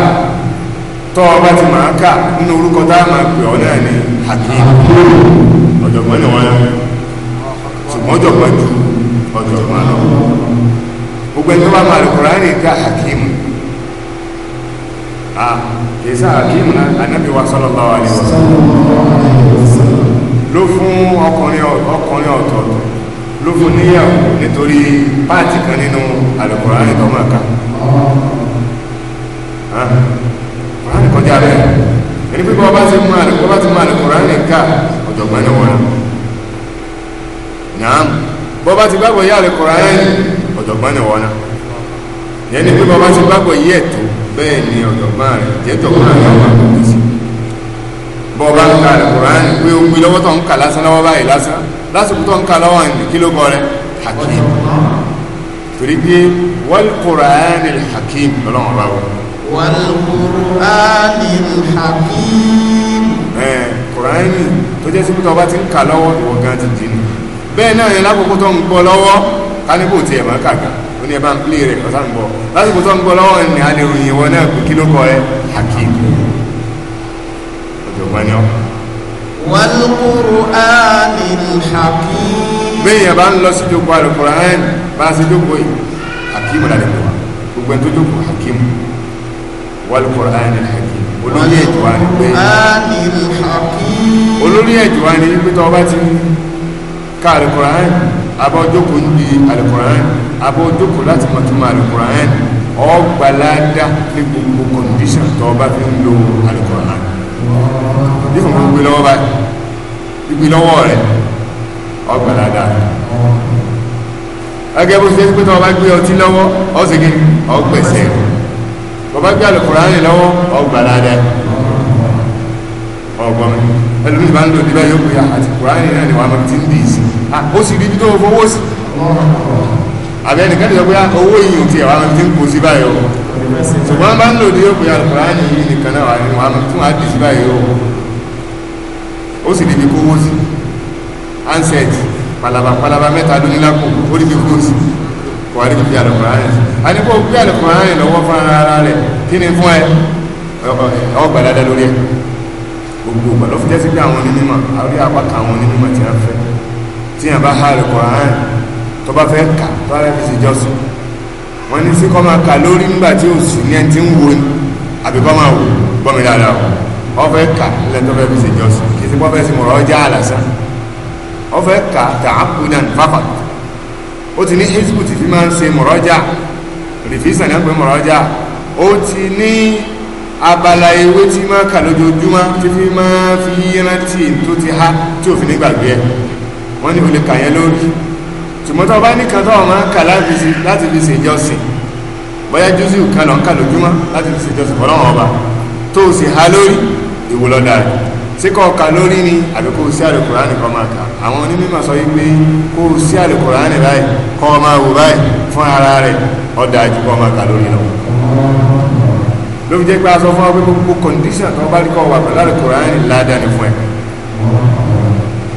tọ́ ọba ti máa ká nínú orúkọ tá a máa pè ọ́ náà ní hakim ọ̀jọ̀gbọ́n ni wọ́n ṣùgbọ́n ọ̀jọ̀gbọ́n ju ọ̀jọ̀gbọ́n lọ gbogbo ẹni tó bá máa àlùkùrán ká hakim a kìí sáà kí ìmúná ànábì wa sallallahu alaihi wasallam ló fún ọkùnrin ọkùnrin ọ̀tọ̀ọ̀tọ̀ ló fún níyàwó nítorí páàtì kan nínú Al-Qur'an tó máa ka Kùránì kọjá rẹ̀ ẹni pípọ̀ bá ti mú àlùkò bá ti mú àlùkò ránì ká ọ̀jọ̀gbọ́n ní wọn náà bọ́ bá ti gbàgbọ́ yá àlùkò ránì ọ̀jọ̀gbọ́n ní wọn náà ẹni pípọ̀ bá ti gbàgbọ́ yí ẹ̀tọ́ bẹ́ẹ̀ ni ọ̀jọ̀gbọ́n rẹ̀ jẹ́jọ̀gbọ́n rẹ̀ wà lókè sí bọ́ bá ń ka alukurani pé ó gbé lọ́wọ́ tó ń ka lásán lọ́wọ́ báyìí lásán lásìkò tó ń ka lọ́wọ́ ní kí rẹ̀ hakim torí pé wal kurani hakim lọ́wọ́ bá wọ. wal kurani hakim. ẹ kurani tó jẹ́ sípò tó bá ti ń ka lọ́wọ́ ìwọ gan ti dì ní bẹ́ẹ̀ náà yẹn lákòókò tó ń gbọ́ lọ́wọ́ káníbò tiẹ̀ máa kà gan ó ní ẹ bá ń pílé rẹ̀ kọ́sá ń bọ̀ lásìkò tó ń gbọ́ lọ́wọ́ ní alẹ́ròyìn ìwọ náà pé kí ló kọ ẹ hakim ọ̀jọ̀gbọ́n ni ọ́. wal-Qur'anil hakim. bẹ́ẹ̀ yẹn bá ń lọ sí jókòó al-Qur'an bá ṣe jókòó yìí hakim lálẹ́ kọ́ gbogbo ẹni tó jókòó hakim wal-Qur'anil hakim olórí ẹ̀jọ̀ wa ni pé olórí ẹ̀jọ̀ wa ni pé tó o ti ká al-Qur'an abọ́jókòó ń di al-Qur'an àbọ̀ ojókòó láti mọ̀ tó máa alukur'an ọgbàládá ní gbogbo condition tó bá fi ń lo alukur'an bí fún gbogbo lọ́wọ́ bá ibi lọ́wọ́ rẹ̀ ọgbàládá gẹ́gẹ́ bó ṣe pé tó bá gbé ọtí lọ́wọ́ ọ̀sìnkì ọgbẹ̀sẹ̀ tó bá gbé alukur'an lọ́wọ́ ọgbàládá ọgbọ́n ẹlòmí bá ń lò níbẹ̀ yóò pé ah, àti kùránì náà ni wà á mọ̀ tí ń bì í sí ah, ó sì rí ibi tó fowó sí àbẹ́ nìkan ti sọ pé ah, owó yìí ti àwọn ti ń kó sí báyìí o ṣùgbọ́n bá ń lò ní òpin Al-Qur'ani yìí nìkan náà wà nínú àwọn tún àdì sí báyìí o ó sì níbi kówó sí handset palaba palaba mẹ́ta ló nílápò ó níbi kówó sí kò wá níbi Al-Qur'ani a ní kó gbé Al-Qur'ani lọ́wọ́ fún ara rẹ̀ kí ni fún ẹ ọgbà dáadáa lórí ẹ gbogbo ọgbà lọ́fíjẹ́sí pé àwọn onímọ̀ àwọn apá kan àwọn onímọ̀ tí wọ́n fẹ́ tí wọ́n bá há al tó bá fẹ́ kà tó bá fẹ́ fi ṣe jọ́sìn wọ́n ní sí kọ́ máa kà lórí nígbà tí o sí ní ẹni tí ń wo ni àbí kọ́ máa wò gbọ́mi dáadáa o wọ́n fẹ́ kà nílẹ̀ tó fẹ́ fi ṣe jọ́sìn kì í sí pọ́fẹ́ sí mọ̀rọ̀ ọjà àlàsà wọ́n fẹ́ kà tààkùnàn fáfà ó ti ní hizbu ti fi máa ń ṣe mọ̀rọ̀ ọjà rìfísà náà pé mọ̀rọ̀ ọjà ó ti ní abala ewé tí máa kà lójoojúmọ́ tí fi máa fi rántí tó ti há tí òfin nígbàgbé ẹ wọ́n ní olè kà yẹn lórí ṣùgbọ́n tó bá ní kan tó ọmọ kà láti fi ṣe ìjọsìn bóyá jùsù kan lọ ń kà lójúmọ́ láti fi ṣe ìjọsìn fọlọ́wọ́n ọba tó o sì há lórí ìwòlọ́dà rẹ̀ tí kò kà lórí ni àbí kò sí àlùkùránì kọ́ máa kà àwọn onímọ̀ sọ wípé kò sí àlùkùránì báyìí kọ́ máa wò báyìí fún ara rẹ̀ ọ̀dà àjù kọ́ máa kà lórí lọ ló fi jẹ́ pé a sọ fún ọ pé gbogbo kọ̀ǹdíṣàn tó bá rí kọ́ wà pẹ̀lú àlùkùránì ládàá ni fún ẹ̀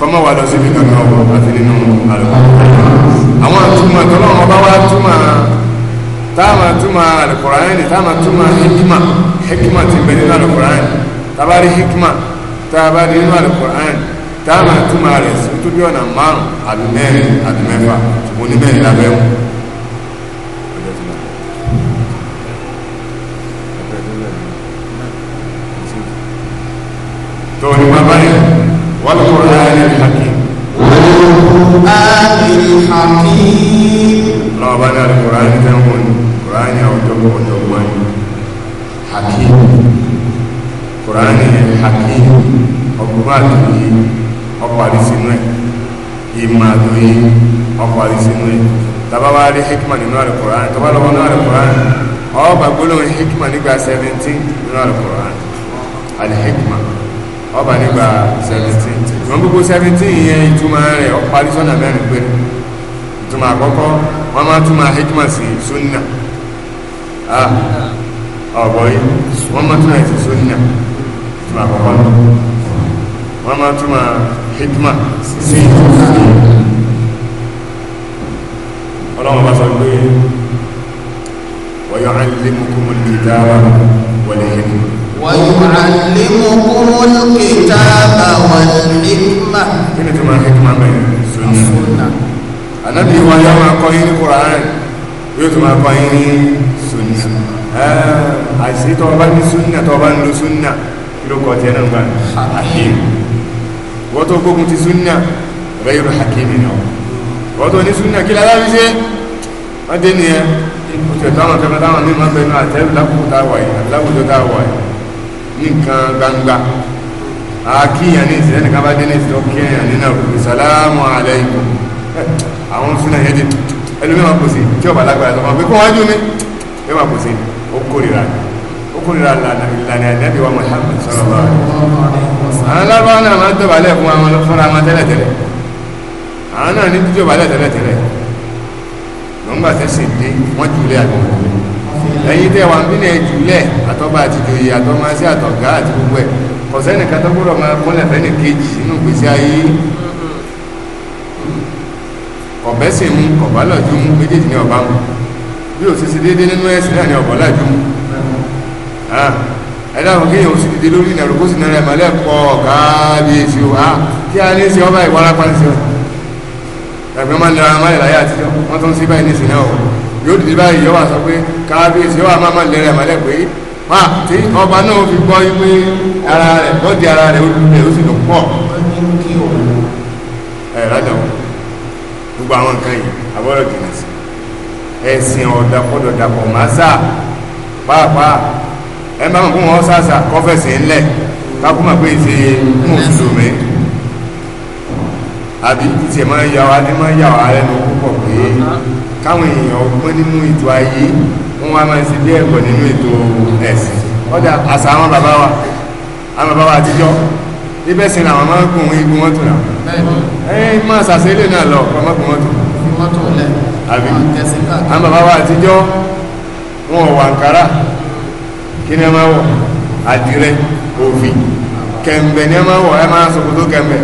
kọ́mọ́ wa lọ síbi kankan wọ àti nínú àlùkò àwọn àtúmọ̀ tọ́lọ́mọ bá wá túmọ̀ táwọn àtúmọ̀ àlùkùránì táwọn àtúmọ̀ hikima hikima ti bẹ nínú àlùkùránì tabari hikima tabari nínú àlùkùránì táwọn àtúmọ̀ rẹ̀ síbi bí ọ̀nà márùn-ún àbí mẹ́rin àbí mẹ́fà ṣùgbọ́n lábẹ́ wọn. القرآن الحكيم ربنا القرآن تنون قرآن أوجب أوجبان حكيم قرآن الحكيم ọgbọ́gbàdì ọparí sínú ẹ̀ ìmọ̀ àdóyé ọparí sínú ẹ̀ tàbáwá rí hikma nínú àlùkùránì hikma 17 17 ṣùgbọ́n gbogbo seventeen yẹn ìtumọ̀ rẹ̀ ó parí sọ́nà mẹ́rin péré ìtumọ̀ àkọ́kọ́ wọ́n máa túmọ̀ hikma sí sunna ah, ọ̀bọ̀ yìí wọ́n máa túmọ̀ sí sunna ìtumọ̀ àkọ́kọ́ lọ wọ́n máa túmọ̀ hikma sí ọlọ́run bá sọ pé wọ́n yọ àìlèmùkúmù lè dára wọlé hikma ويعلمكم الكتاب والحكمة كيف كما حكمة بين السنة النبي هو يوم قاين القرآن يوم قاين السنة àìsí tó bá ní súnnà tó bá ń lo súnnà kí ló kọ tí ẹ̀nà gbà hakim wọ́n tó gbógun ti súnnà rẹ̀yìrò hakim ni ọ̀ wọ́n tó ní súnnà kí lára fi nǹkan gbangba àkíyàn ní ìsìlẹ̀ nìkan bá dé ní ìsìlẹ̀ kíyàn nínú ọ̀gbìn sàlámù aláìkùm àwọn súnà yẹn di ẹlòmí máa pòsè tí ọba lágbára tó máa pé kó wájú mi ẹ máa pòsè ó kórìíra ó kórìíra ìlànà ìlẹ́bí wa Muhammad sọ̀rọ̀ bá àwọn alábáwọn náà máa ń dọ̀bálẹ̀ fún àwọn fúnra wọn tẹ́lẹ̀tẹ́lẹ̀ àwọn náà ní dídọ̀bálẹ̀ tẹ́lẹ̀tẹ́lẹ̀ lọ́ngbà tẹ́sí dé wọ́n jùlẹ̀ àgbọ̀n ẹ̀yin tẹ́ wà nílẹ̀ jùlẹ̀ àtọ́ba àti jòyè àtọ́másí àtọ̀gá àti gbogbo ẹ̀ kọ̀sẹ́nì kátó gbọ́dọ̀ máa kúnlẹ̀ fẹ́nì kejì nínú ìgbésí ayé ọ̀bẹ sì mú ọ̀bá lọ́jú mú méjèèjì ní ọ̀bá mu bí ó sì ṣe déédé nínú ẹ̀sìn náà ní ọ̀bọ̀ lájú mú ẹ̀dá àwọn kéèyàn ó sì dìde lórí ìnà rògbò sí náírà ìmọ̀lẹ́ pọ̀ káàbíyèsí o kí a ní í ṣe ọba ìwárapá ní ṣe ọ̀ ẹ̀gbọ́n máa ń nira máa ìlàyà àtijọ́ wọ́n tún sí báyìí ní ìsìn náà o yóò dìde báyìí yóò wà sọ pé kábíyèsí yóò wà máa máa lẹ́rẹ̀ mọ́lẹ̀ pé má tí ọba náà fi gbọ́ wípé ara rẹ̀ lọ́ọ̀dì ara rẹ̀ ó lulẹ̀ ó sì lọ pọ̀ ẹ̀ rájà wọn gbogbo àwọn nǹkan yìí àbọ̀rọ̀ jìnnà sí ẹ̀sìn ọ̀dà kọ́dọ̀ dàpọ̀ máa sà pàápàá ẹ máa ń kún wọn sàṣà kọ́fẹ̀sì ńlẹ̀ kákúmọ̀ pé ìṣe mùsùlùmí àbí ìṣe máa ń yà wá ní máa ń yà wá lẹ́nu púpọ̀ pé káwọn èèyàn ọgbọ́n nínú ètò ayé wọ́n wá máa ṣe bí ẹ̀kọ́ nínú ètò ẹ̀sìn ọ̀dà àṣà àwọn bàbá wa àwọn bàbá wa àtijọ́ ibẹ̀ sin àwọn ọmọkùnrin wọn igun wọn tún náà ẹ̀yìn máa ṣàṣẹ ilé náà lọ ọmọkùnrin wọn tún. àbí àwọn bàbá wa àtijọ́ wọn ò wà nkárà kí ni ẹ máa wọ àdìrẹ òfì kẹ̀m̀bẹ̀ ni ẹ máa wọ ẹ máa ṣòkòtò kẹ̀m̀bẹ̀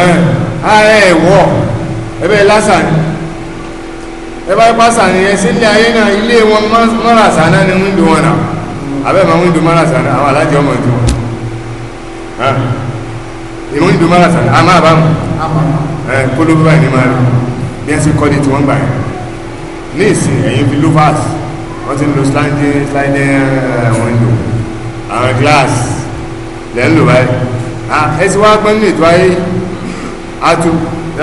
ẹ ẹ wọ ẹ bẹ́ẹ̀ lásán ni ẹbá ipá sàníyàn sílé ayé náà ilé wọn mọ́ràsá náà ni wíńdò wọn náà abẹ́ ma wíńdò mọ́ràsá náà àwọn alájọ ọmọ ìjọ wọn ìwọ̀n wíńdò mọ́ràsá náà a máa bá wọn kólóbó báyìí ní máa rí bí ẹ sì kọ́ ní tí wọ́n gbà yẹn ní ìsìn ẹ̀yìn fi lófàs wọ́n ti ń lo sliding eh, window àwọn glass lẹ́ ń lò báyìí ẹ sì wá gbọ́n ní ètò ayé àtò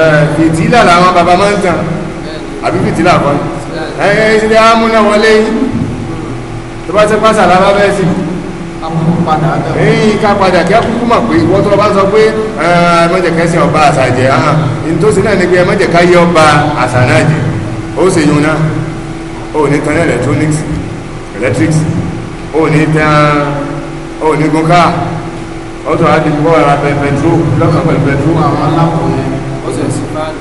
eh, fìtílà làwọn bàbá máa ń tàn àbí fìtílà kan ẹ̀yẹ ìṣẹ̀lẹ̀ àmúnà wọlé tó bá ti pàṣà lára bẹ́ẹ̀ sí èyí ká padà kí á kúkú mọ̀ pé ìwọ́n tó bá sọ pé ẹmọ́jẹ̀kẹ́ sí ọba àṣà jẹ́ ahàn ní tó sí náà ní pé ẹmọ́jẹ̀ká yí ọba àṣà náà jẹ́ ó sì yún náà ó ní tan electronics electrics ó ní tan ó ní gun káà ó tó wá di bọ́ọ̀lù pẹ̀lú pẹ̀lú lọ́kàn pẹ̀lú pẹ̀lú àwọn alákòóyè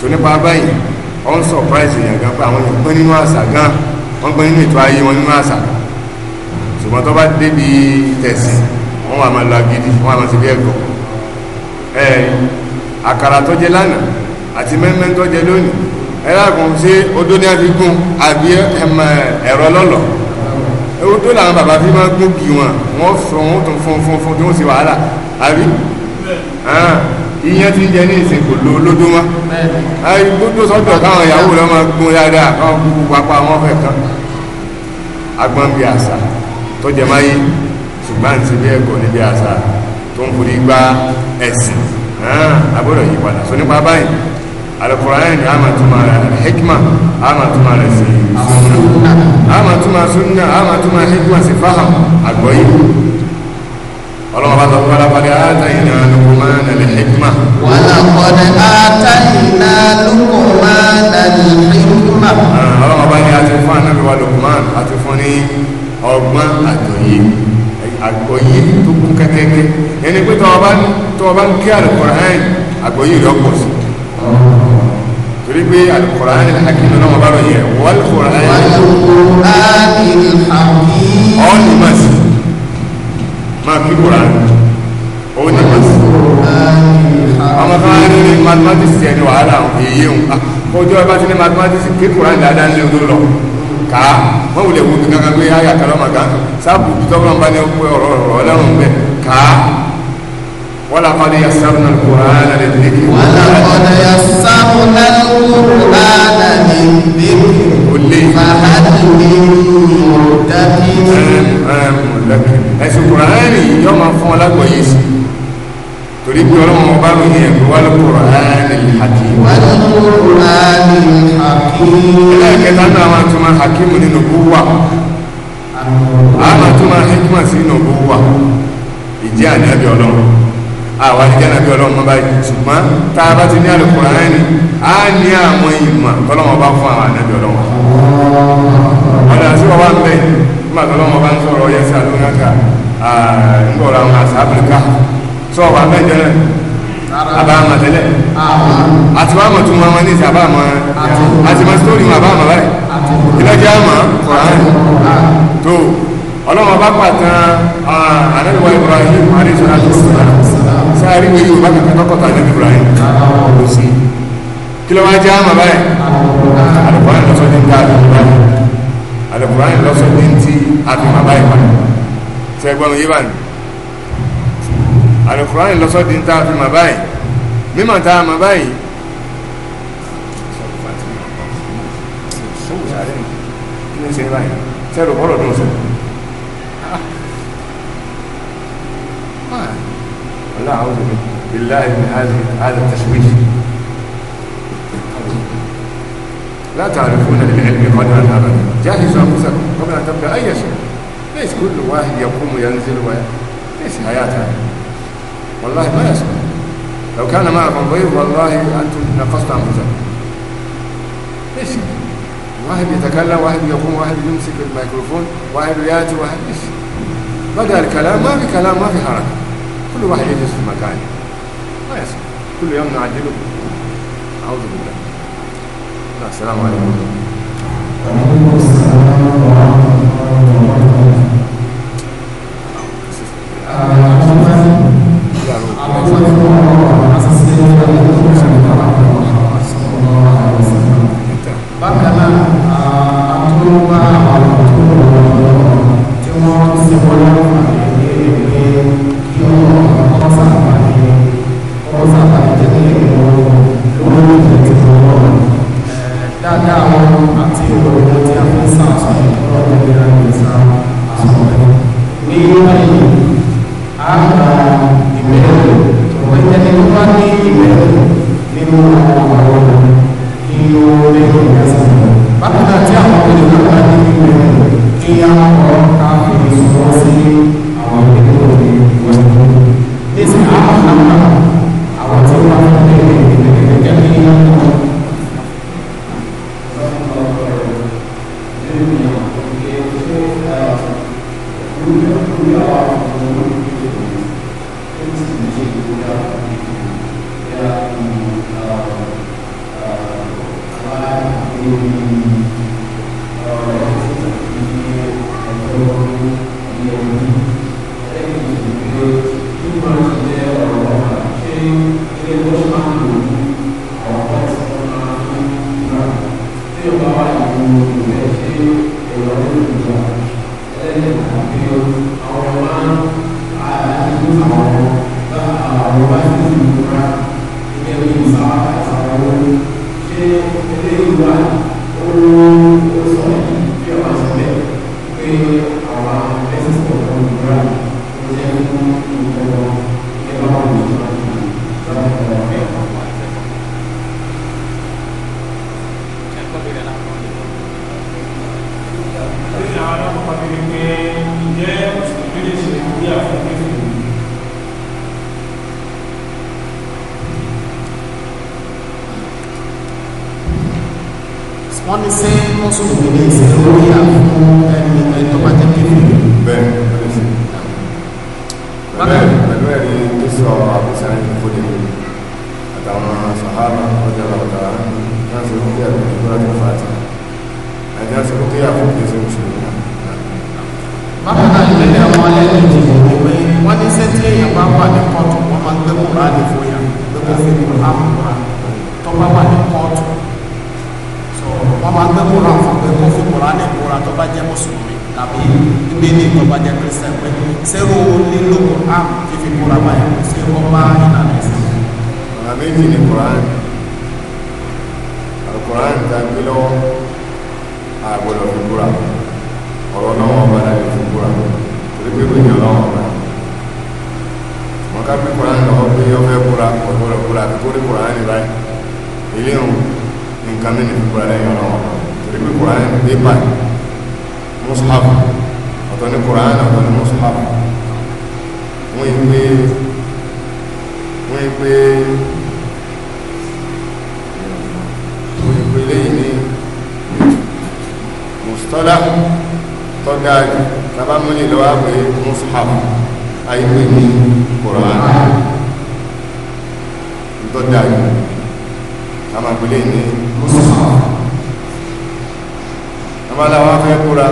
so nípa báyìí ó ń surprise èèyàn gan pé àwọn èèyàn gbọ́n nínú àṣà gan wọ́n gbọ́n nínú ètò ayé wọn nínú àṣà ṣùgbọ́n tó bá débi tẹ̀sí wọ́n wà máa lọ agídí wọ́n wà máa ti bí ẹ̀gọ́ ẹ̀ àkàrà tó jẹ lánàá àti mẹ́mẹ́ tó jẹ lónìí ẹlẹ́gùn sí odó ní àfikún àbí ẹ̀rọ lọ́lọ́ odó làwọn bàbá fi máa gbógi wọn wọ́n fún wọn tó fún fún fún tí wọ́n sì wàhálà àbí ìyẹn ti ń jẹ ní ìsìn kò lo olódó mọ́ gbogbo sọ́dọ̀ káwọn ìyàwó lọ́ máa gún dáadáa káwọn kúkú papá wọn fẹ̀ kan agbọ́n bí àṣà tó jẹ máyé ṣùgbọ́n àti bí ẹ̀kọ́ níbi àṣà tó ń forí gba ẹ̀sìn agbọ́dọ̀ yí padà so nípa báyìí alukuraani amatuma hikma amatuma resi sunna amatuma sunna amatuma hikma si faham agbọ́yé ọlọ́wọ́ bá sọ fún alábàdé àtàyìnà lukumana lè hikma. wàlàkọ̀dé àtàyìnà lukumana lè hikma. ọlọ́wọ́ bá ní àti fún anábì wa lukuman àti fún ní ọgbọ́n àjòyè àgbọ́yé tó kún kẹ́kẹ́kẹ́ ẹni pé tọ́wọ́ bá ń kí àlùkùránì àgbọ́yé rẹ̀ pọ̀ sí torí pé àlùkùránì hakim náà wọ́n bá rọ̀ yẹ wọ́n àlùkùránì. wọ́n àlùkùránì ọ́n ní màsí máa kí kura òun ní mọ̀sí ọmọ kan wá ní mathematics ẹni wàhálà èyí òun ojú ọba ti ní mathematics kí kura dáadáa ní ọdún lọ ká wọn wulẹ̀ wo kankan pé ayà kan lọ́mọ kan sáàpù tọ́kọ̀ náà bá ní ọ̀rọ̀ ọ̀rọ̀ ọlọ́run bẹ́ẹ̀ ká. ولقد يسرنا القرآن للذكر ولقد يسرنا القرآن للذكر فهل من مدكر ẹ̀sùn kùránì yọ máa fún ọlágbọ̀yé sí torí pé ọlọ́run ọba ló ní ẹ̀rọ wà lókùránì hakim ẹlẹ́ẹ̀kẹta náà máa tún máa hakim nínú búwà a máa tún máa hikima sí nínú búwà ìjẹ́ ànábì ọlọ́run àwa ní jẹ́nàbí ọlọ́run mọ́ báyìí ṣùgbọ́n tá a bá ti ní àlùkùránì á ní àwọn ìmọ̀ tọ́lọ́wọ́n bá fún àwọn ànábì ọlọ́run ọ̀dà sí wọ́n wá ń bẹ̀ nígbà tọ́lọ́wọ́n bá ń sọ̀rọ̀ ọyẹ sí àlùkùránì ńgbọ̀rọ̀ àwọn àṣà áfíríkà sọ wà bẹ́ẹ̀ jẹ́ àbáàmà tẹ́lẹ̀ àti wàá mọ̀ tó mọ wọn ní ìsà àbáàmà àti mọ̀ sítórí mọ̀ àbáàmà báyìí ìlọ́jẹ́ àmà kùránì tó ọlọ́run ọba pàtàn ànábì wa Ibrahim alayhi salatu wa salam sáárí wo yorùbá kankan tọkọta nínú ibrahim kò sí kí ló máa jẹ́ àmà báyìí alùpùránì lọ́sọ̀ ní ká alùpùránì alùpùránì lọ́sọ̀ ní ti àfihàn báyìí pa sẹ́gbọ́n yé bá ní alùpùránì lọ́sọ̀ ní ta àfihàn báyìí mímọ̀ ta àmà báyìí kí ló ń ṣe báyìí sẹ́rù ọ̀rọ̀ dùn sọ́ọ̀ أعوذ بالله من هذه هذا التشويش لا تعرفون للعلم قدرا ابدا جهزوا انفسكم قبل ان تبدا اي شيء ليس كل واحد يقوم وينزل وي... ليس حياته والله ما يسمع لو كان معكم ضيف والله انتم نقصت انفسكم ليش واحد يتكلم واحد يقوم واحد يمسك الميكروفون واحد ياتي واحد ليش بدا الكلام ما في كلام ما في حركه كل واحد يجلس في مكانه ما يصح كل يوم نعدله أعوذ بالله لا السلام عليكم Thank you. now tó dájú àmà ìpìlẹ̀ ní ọmọdé wọn fẹ́ kúra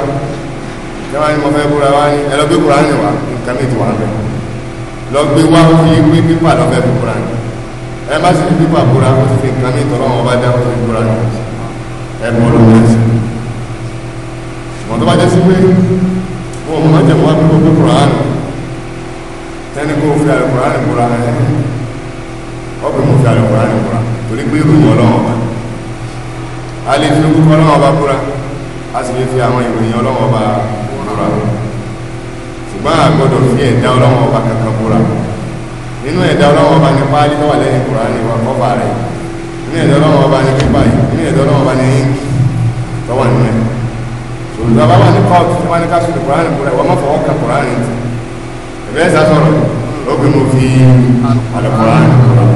jẹ́wọ́n ni mo fẹ́ kúra wá ní ẹlọ́gbé kúra ní wa nǹkan méjì wà bẹ́ẹ̀ lọ́gbé wá fi wí pípà lọ́fẹ́ fi kúra ní ẹ bá sì fi pípà kúra ó ti fi nǹkan méjì tọ́lọ́ wọn bá dá ó ti fi kúra ní ẹ bọ́ ló ń sè ṣùgbọ́n tó bá jẹ́ sí pé wọn ò mọ̀ jẹ́ wọn fi gbogbo kúra ní tẹ́ni kó fi àlùkùrá ní kúra ọlọ́run fi àlùkò ránì kúra torí pé ìròyìn ọlọ́run ọba a lè fi orúkọ ọlọ́run ọba kúra a sì lè fi àwọn ìròyìn ọlọ́run ọba kúra ṣùgbọ́n a gbọ́dọ̀ fi ẹ̀dá ọlọ́run ọba kankan kúra nínú ẹ̀dá ọlọ́run ọba ní páálí tó wà lẹ́yìn kúra ní ọkọ̀ọ̀bà rẹ̀ nínú ẹ̀dá ọlọ́run ọba ní pípa yìí nínú ẹ̀dá ọlọ́run ọba ní tó wà nínú ẹ̀ ṣòlùdọ́ bá wà ní kọ́ọ̀tù tó wà ní kásùlù kúránì kúrẹ́ wọ́n mọ̀ fọwọ́ kan kúránì ẹ̀bẹ́ sá sọ̀rọ̀ ó gbé mo fi alùkùránì kúránì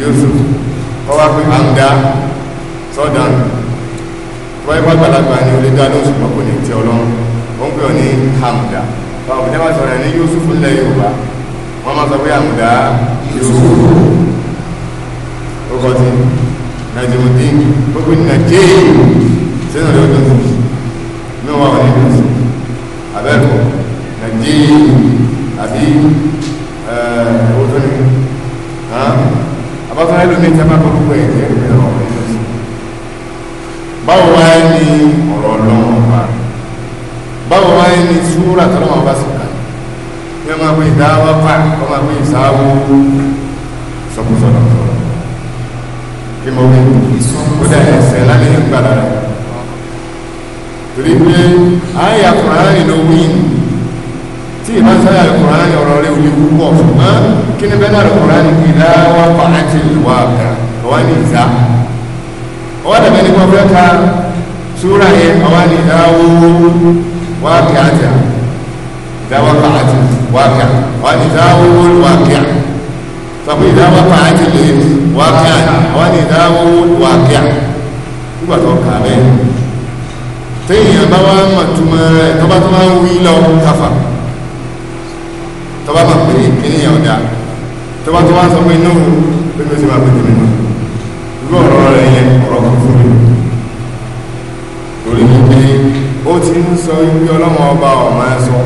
Yusuf ọwá pé à ń dá sọ́dánù wọ́n yẹ pàgbàlagbà ni olè dá lóṣù pọ̀pọ̀ ní ti ọlọ́run ó ń pè ọ ní hamda báwo bí wọ́n sọ̀rọ̀ ní Yusuf ńlẹ̀ Yorùbá wọ́n máa sọ pé àmúdá Yusuf ó kọ́ ti Najimudin gbogbo ní Nàìjíríà sínú ìlú ọdún ní wọn wọn ní ìlú abẹ́kọ̀ Nàìjíríà àbí owó tó ní ọ̀tún ẹlòmí tẹ́ bá gbogbo ẹ̀ jẹ́ ìpínlẹ̀ ọ̀rọ̀ báwo wá ní ọ̀rọ̀ ọlọ́run ọba báwo wá ní súrà tọ́lọ́run ọba sì kà ní ọmọ pé ìdáwọ́ pa ọmọ pé ìsáwó sọkúsọ̀rọ̀ kí mo wí kó dà ẹsẹ̀ lálẹ́ ìgbàlára torí pé àyà kùránì ló wí ní tí ìbá sáyà alukurani ọ̀rọ̀ rẹ̀ òní púpọ̀ ṣùgbọ́n kí ni bẹ́ẹ̀ alukurani ìdá wa pa àti ìwà àgbà ọwá ní ìzá ọwá dàbẹ́ ní pọ́fẹ́ ká súra yẹn ọwá ní ìdá wọ́wọ́ wá kí àjà ìdá wa pa àti wá kí àjà ọwá ní ìdá wọ́wọ́ wá kí àjà ìdá wa pa àti lè wá ọwá ní ìdá wọ́wọ́ wá kí nígbà tó kà bẹ́ẹ̀ téèyàn bá mọ̀túmọ̀ rẹ̀ tó ń wí lọ káfà tó bá mọ̀ pé kíní yẹn ọ̀dà tó bá tó wá sọ pé inú pé mi ò sì máa pè tèmi nù irú ọ̀rọ̀ rẹ̀ yẹn ọ̀rọ̀ kan fún mi lórí wípé ó ti ń sọ wípé ọlọ́mọ ọba ọ̀mọ ẹ sọ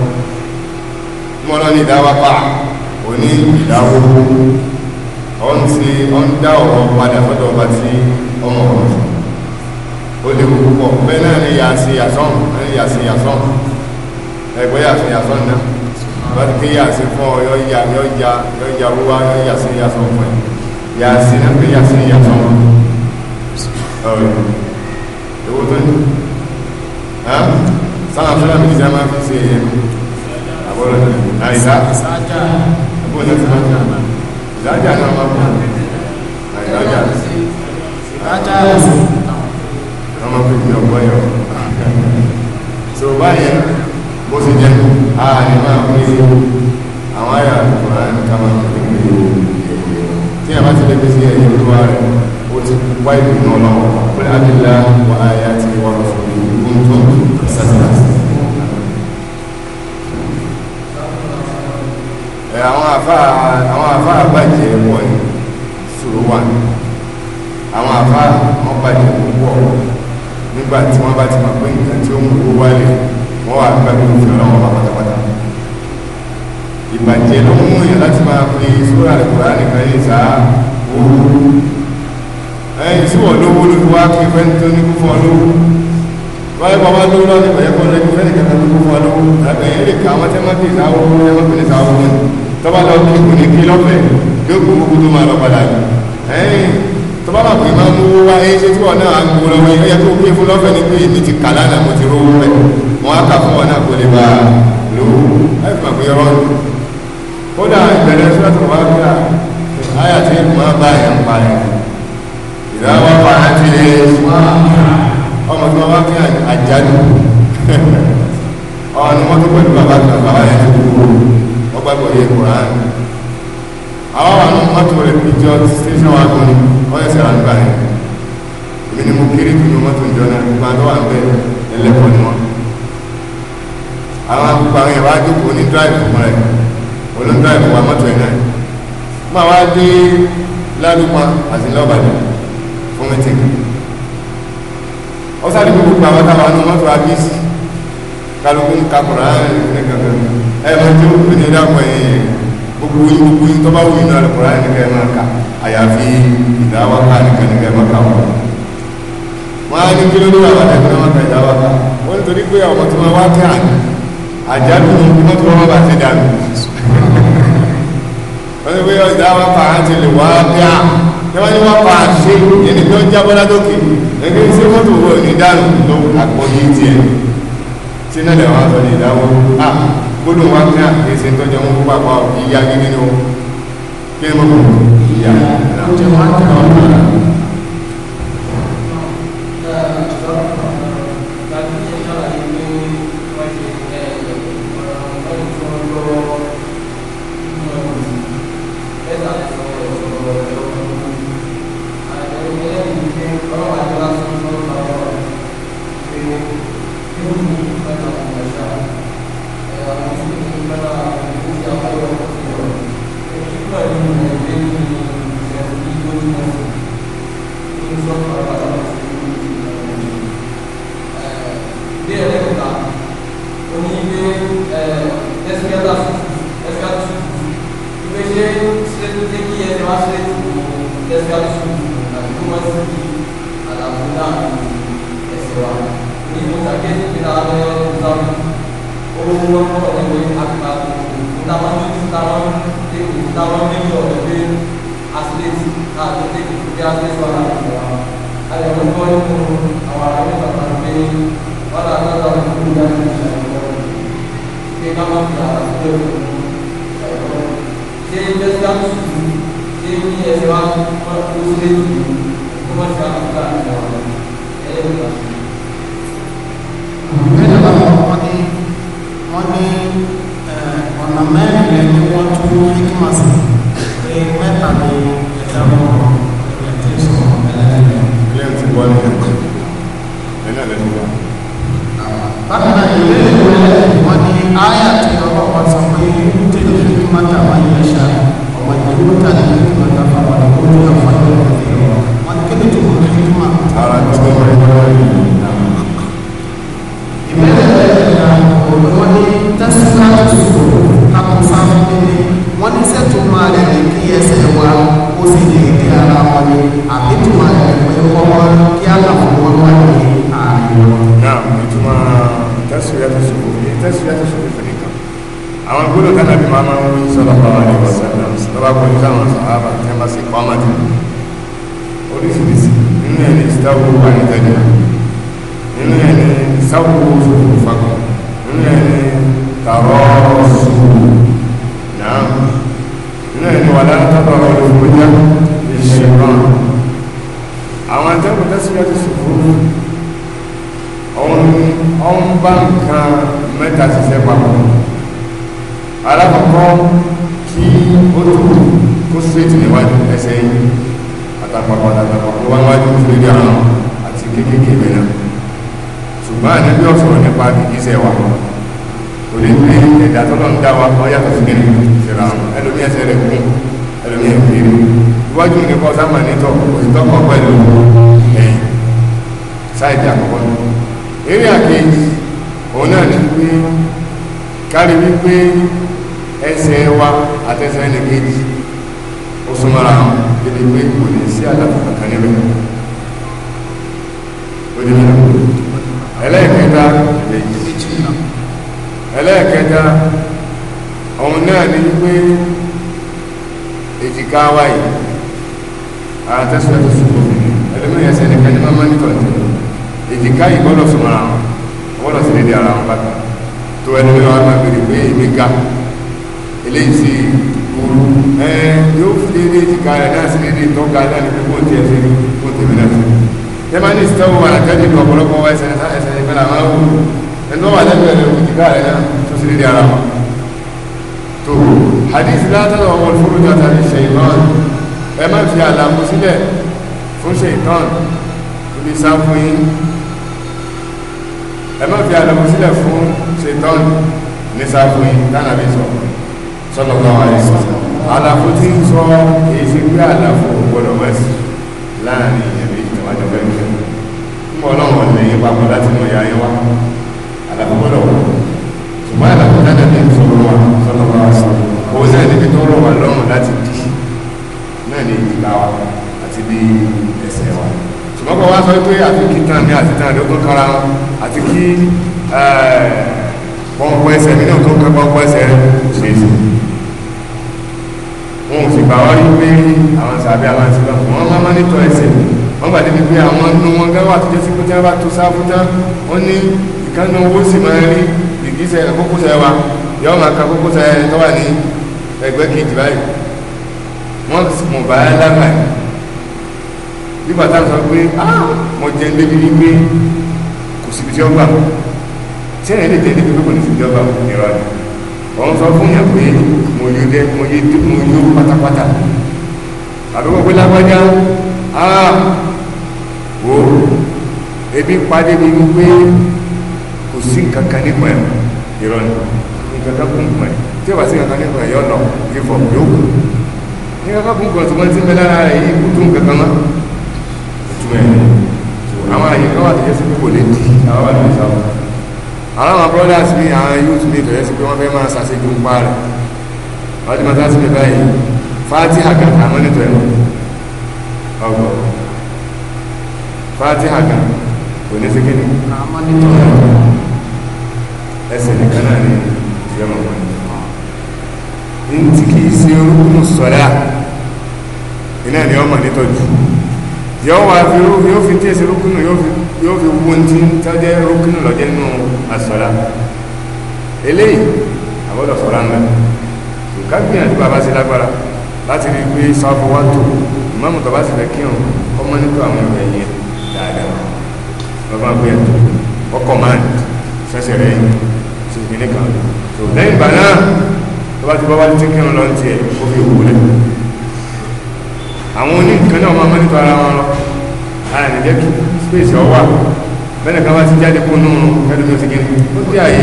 mọ́lá ní ìdáwápá òní ìdáwó ọ̀n ti ọ̀n dá ọ̀rọ̀ padà fọ́dọ̀ ọba tí ọmọ ọ̀rọ̀ sọ ó lè wò púpọ̀ bẹ́ẹ̀ náà ni yàá sí yàsán ẹgbẹ́ yàá sí yàsán náà wọ́n ti ké yàsí fún ọ yọ ya yọ ya yọ ya wúwa yọ yàsí yàsọ fún ẹ yàsí náà ké yàsí yàsọ fún ẹ ewu tó ní sáà fúlà mi nìjà máa fi ṣe yẹn àbọ̀rọ̀ àìsá ẹ̀bùn ní ti máa ìdájà náà máa bọ̀ àìdájà ìdájà ọmọ pé mi ò yọ so báyìí bó sì jẹ́ ààrẹ máa ń rí àwọn àyà àkùnrin àti kama ìpínlẹ̀ èèyàn tí a bá ti lé pèsè ẹ̀yẹ olúwa rẹ̀ ó ti wá ìpinnu ọlọ́wọ́ pẹ̀lú abílá wà áyà ti wà lọ́sọ̀rọ̀ ìgbóhùn tó ń sàtìlá sí àwọn àfá àwọn àfá àbájẹ́ sòrò wà ní àwọn àfá wọn bàjẹ́ púpọ̀ nígbà tí wọ́n bá ti mọ̀ pé nǹkan tí ó mú owó wálé wọ́n wà nípa bí òfin ọlọ́wọ́ bá pátápátá ìbàjẹ́ ló mú èèyàn láti máa fi sóra rẹ̀ kúrò nìkan ní ìsá owó ẹ̀yìn tí wọ́n lówó ló fi wá kí fẹ́ tó ní kú fún ọ lówó báyìí bàbá tó lọ ní ìbàjẹ́ kan lẹ́yìn fẹ́ẹ́ nìkan tó kú fún ọ lówó àgbẹ̀ yẹn lè ka àwọn tẹ́ máa fi ìsá owó tẹ́ máa fi ìsá owó ní tọ́ba lọ kí kò ní kí lọ́fẹ̀ẹ́ yóò kó gbogbo tó máa lọ padà ẹ̀yìn tọ́ba bá pè máa mú wá ẹ̀yìn ṣe tí wọ́n náà wọ́n á kà fún wọn náà kò lè bá lò ó ẹ̀fà pé rọ́ọ̀lù kódà ìbẹ̀rẹ̀ sọ́tọ̀ wá gbà láyà tí ìmọ̀ bá yẹn pa yẹn ìdáwọ́ pa àti lè ọmọ tí wọ́n wá kí àjálù ọ̀nà wọn tó pẹ̀lú bàbá kan bàbá yẹn ti kú ọgbà gbọ̀ yẹ kùrán àwọn àwọn mọ́tò rẹ̀ fi jọ station wagon ọ̀yẹ́ sí àwọn àgbà yẹn èmi ni mo kéré jù ní mọ́tò ìjọ náà gbogbo àdọ́wà ń bẹ ẹlẹ́kọ̀ọ́ ni wọ́n àwọn agbègbè àwọn ìwà àjòkò ní dráìfù fún rẹ̀ olóhùn dráìfù wa mọ́tò ẹ̀ náà má wá dé lálùpá àti lọ́bàdàn fún mẹ́tìn ọ sáré gbogbo àwọn táwọn àwọn mọ́tò abíyèsí kálukú ń kakùrọ̀ ẹ̀ mọ́ tí ó fi ní dákọ̀ ẹ̀yìn gbogbo yìí gbogbo yìí tó bá wù iná lọ́kùnrin àyè nìkan ẹ̀ máa kà àyàfi ìdáwàká nìkan nìkan ẹ̀ máa kà wọ́n. wọ́n á ní kí ló dé wà wà dàbí náà wọ́n ka ìdáwàká wọ́n nítorí pé àwọn tó máa wá tẹ́ àná àjálù yìí wọ́n ti wọ́n bá ti dànù wọ́n ti wọ́n ìdá wọn pa á ti lè wá dá ní wọ́n ní wọ́n pa á ṣe yẹn ni tó ń jábọ́ ládókè ẹgbẹ́ ṣé mọ́tò wọ́n ní dànù ló àpọ̀ yìí tiẹ̀ tí náà lè wọ́n sọ ní ìdáwọ́ à gbọ́dọ̀ wọn kí á kì ṣe ń tọ́jú wọn púpà pa ìyá gidi ni ó kí ni mo kọ̀ ìyá ìyá jẹ́ kí ẹni wá ṣe ètò tẹ́síkálísù àti kó wọ́n sí àlàfo náà ẹ̀sẹ̀ wa ní ìlú sàkẹ́ ìpínlẹ̀ abẹ́ ìsáwù olówó wọn kọ́ ọ̀dẹ́gbẹ́ àgbà ìtawọ́n ní ìtawọ́n ní ìtawọ́n ní ọ̀dẹ́gbẹ́ àṣìlẹ́tì láti tẹ́kì bí àṣìlẹ́tì wà láti wà àyẹ̀wò kọ́ nínú àwọn àwọn ìbàtà pé wọ́n làtọ́ dẹ́sítà tó sì ṣe ní ẹsẹ̀ wa wọ́n kó lé jù kó wọ́n ti wá kó láàrin ìjà wọn ẹ̀yẹ́ ló bá ṣe. bẹ́ẹ̀ bá wọn ní wọ́n ní ọ̀nà mẹ́rin rẹ̀ ni wọ́n tún ní kí máa sìn pé mẹ́ta ni ẹ̀dá wọn ẹ̀yẹ́ tí ń sọ̀rọ̀ ẹ̀lẹ́dẹ̀. ilé ti wọ́n ní ẹ̀kọ́ ẹ̀yẹ́ náà lẹ́nu wa. bákan náà ìwé ìwé wọ́n ní áyà tí ọlọ́pàá sọ pé حكمة من يشاء ومن يؤت الحكمة فقد أوتي خيرا كثيرا وكلتم الحكمة wọ́n ní tẹ́sílá tìkò takùnfà mímí wọ́n ní sẹ́tù máa rẹ̀ ní kí ẹsẹ̀ wa ó sì lè dé ara wọn ni àbí tó máa rẹ̀ pé ọmọ kí á làwọn wọn wá ní ààrẹ wọn. náà ìtumọ̀ tẹ́sílá tìkò ní tẹ́sílá tìkò àwọn gbọ́dọ̀ tánà bí máa máa ń wí sallallahu alaihi wasallam lọ́ba kọ́ ní táwọn sàhábà tí wọ́n bá sì kọ́ ọmọdé oríṣiríṣi nínú ẹ̀ ní ìsìtáwò ànítẹ́lẹ̀ nínú ẹ̀ ní ìsáwò sòfò fagbọ̀ nínú ẹ̀ ní tààrọ̀ sòfò náà nínú ẹ̀ ní wàlá tọ́tọ̀rọ̀ olùkọ́jà ìṣẹ̀rán àwọn atẹ́kùn tẹ́sílẹ̀ ti sòfò ọ̀hún ọ̀hún bá nǹkan mẹ́ta ṣiṣẹ́ papọ̀ alákọ̀ọ́kọ́ kí ó tó kó síréètì níwájú ẹsẹ̀ yìí àtàpapọ̀ àtàpapọ̀ wá níwájú fúlẹ́dì àrùn àti kéékèèké mìíràn ṣùgbọ́n àdébí ọ̀sọ̀rọ̀ nípa ìgbésẹ̀ wa kò lè pé ẹ̀dá tọ́lọ́ ń dá wa ọ yàtọ̀ sí kẹ́lẹ́ ìṣẹ̀lá ẹlòmí ẹsẹ̀ rẹ̀ kún ẹlòmí ẹ̀ kéré iwájú nìkan sáma nítọ̀ òsìtọ́kọ̀ pẹ̀lú ẹ̀yìn sáìdì àkọ́kọ́ eré àkejì òun náà ní pé kárí wípé ẹsẹ̀ wa àtẹsẹ̀ ẹnìkejì ó súnmọ́ra wọn débi pé kò ní sí àlàfo kankan níbẹ̀ onímọ̀ ẹlẹ́ẹ̀kẹta ẹlẹ́ẹ̀kẹta ọ̀hun náà ni wípé èjìká wa yìí àtẹsẹ̀ tó sùn fún mi ẹlẹ́mìí ẹsẹ̀ nìkan ní máa ń tọ̀ èjìká yìí gbọ́dọ̀ súnmọ́ra wọn gbọ́dọ̀ sí dédé ara wọn bàtà tó ẹni wọn máa bèrè pé èmi ga léyìí sí ooru ẹ yóò fi dédé ìjìká rẹ̀ náà sí dédé tó ga náà ní pípọ̀ tí ẹ ṣe ní kó tèmi náà sí. ẹ máa ní ìsìtẹ́wò wà látẹ́jú ní ọ̀pọ̀lọpọ̀ ẹsẹ̀ ẹsẹ̀ ìfẹ́ làwọn wò ẹni wọ́n wà lẹ́gbẹ̀ẹ́ rẹ̀ ìjìká rẹ̀ náà tó sì dédé ara wọn. tó hadith látọ̀dọ̀ ọmọ fúru jọta ní ṣèyíkan ẹ má fi àlàmú sílẹ̀ fún ṣèyíkan ibi sá fún yín ẹ má fi àlàmú sílẹ̀ fún ṣèyíkan ní sá fún yín dáná bí sọ sallallahu alaihi wasallam àlàfo tí ń sọ èyí sí pé àlàfo gbọdọ̀ wẹ́sì láàrin èèyàn méjì tó wájú bẹ́ẹ̀ kí ń bọ́ ọlọ́run lẹ́yìn papọ̀ láti mọ ìyá yẹn wá àlàfo gbọdọ̀ wọ̀ ṣùgbọ́n àlàfo dáadáa ní ìṣòro wa sallallahu alaihi wasallam òun náà níbi tó rọ̀ wá lọ́rùn láti dì náà ní àti kí tán mi àti tán lókun kára àti kí wọ́n kọ́ ẹsẹ̀ mi náà tó kẹ́kọ́ kọ́ ẹsẹ̀ rẹ̀ ṣèṣe wọn ò sì gbà wá rí pé àwọn sàbí àwọn àti bá wọn máa máa nítọ́ ẹsẹ̀ wọ́n gbà débi pé àwọn nínú wọn gẹ́gẹ́ wà tó jẹ́ sí pé tí wọ́n bá tó sáfù tán wọ́n ní ìkànnì owó sì máa rí ìgbésẹ̀ kókósẹ̀ wa yọ́ọ́ máa ka kókósẹ̀ tó wà ní ẹgbẹ́ kejì báyìí wọ́n mọ̀ báyà lábàá nígbà táwọn sọ pé ah, mo jẹ́ débi wípé kò síbi tí wọ́n gbà ṣé ẹ̀ lè tẹ̀lé pé kò ní ìjọba ìrọ̀ ni wọ́n sọ fún yàn pé mo yó dẹ́ mo yé mo yó pátápátá àbúkọ̀ pé lágbájá áà wò ó ebi padé mi wípé kò sí nǹkan kan nípa ẹ̀ ìrọ̀ ni nǹkan kan kún nípa ẹ̀ tí ó bá sí nǹkan kan nípa ẹ̀ yọ lọ ìfọ̀ yóò kù ní kankan kún kan tó máa ti ń bẹ lára rẹ̀ yìí kú tó nǹkan kan mọ́ ìtumọ̀ ẹ̀ àwọn àyíká wà tó yẹ sí pé lè di àwọn àdúgbò sáwọn àwọn brothers mi àwọn youth mi fẹ̀rẹ̀ sí pé wọ́n fẹ́ máa ṣàṣejù ń pa rẹ̀ wọ́n ti máa sá síbi báyìí fatiha kan àmọ́ nítorí ẹ̀rọ ọgbọ̀ fatiha kan kò ní sí kí ni ẹsẹ̀ nìkan náà ni ìyọ́mọ̀ wọn ní tí kìí ṣe orúkún sọ́lá iná ni ọmọ nítọ́jú yọ́ wà fi rú yóò fi tí èsì orúkún yóò fi yóò fi wọ́n tí tọ́jẹ́ rókínù lọ́jẹ́ nínú àsọ̀lá eléyìí àbọ̀dọ̀ sọ̀rọ̀ ńlá nǹkan gbìyànjú bàbá sí lágbára láti rí pé sáfọ́ wá tó ìmáàmù tó bá sì fẹ́ kírun ọmọ nípa àwọn ìwé yẹn dáadáa bàbá gbé ẹ̀tọ́ ọkọ̀ máa ń sẹ́sẹ̀ rẹ̀ sí ìpínlẹ̀ kan tó lẹ́yìn ìgbà náà tó bá ti bọ́ bá ti kírun lọ́n tiẹ̀ ó fi òwúlẹ̀ àwọn oníkan náà máa mọ́ nípa ara wọn lọ àyàn jẹ́ kí space ọwà bẹ́ẹ̀ kan bá ti jáde kó nù ẹnu tó ti gẹ́ni ó ti àyè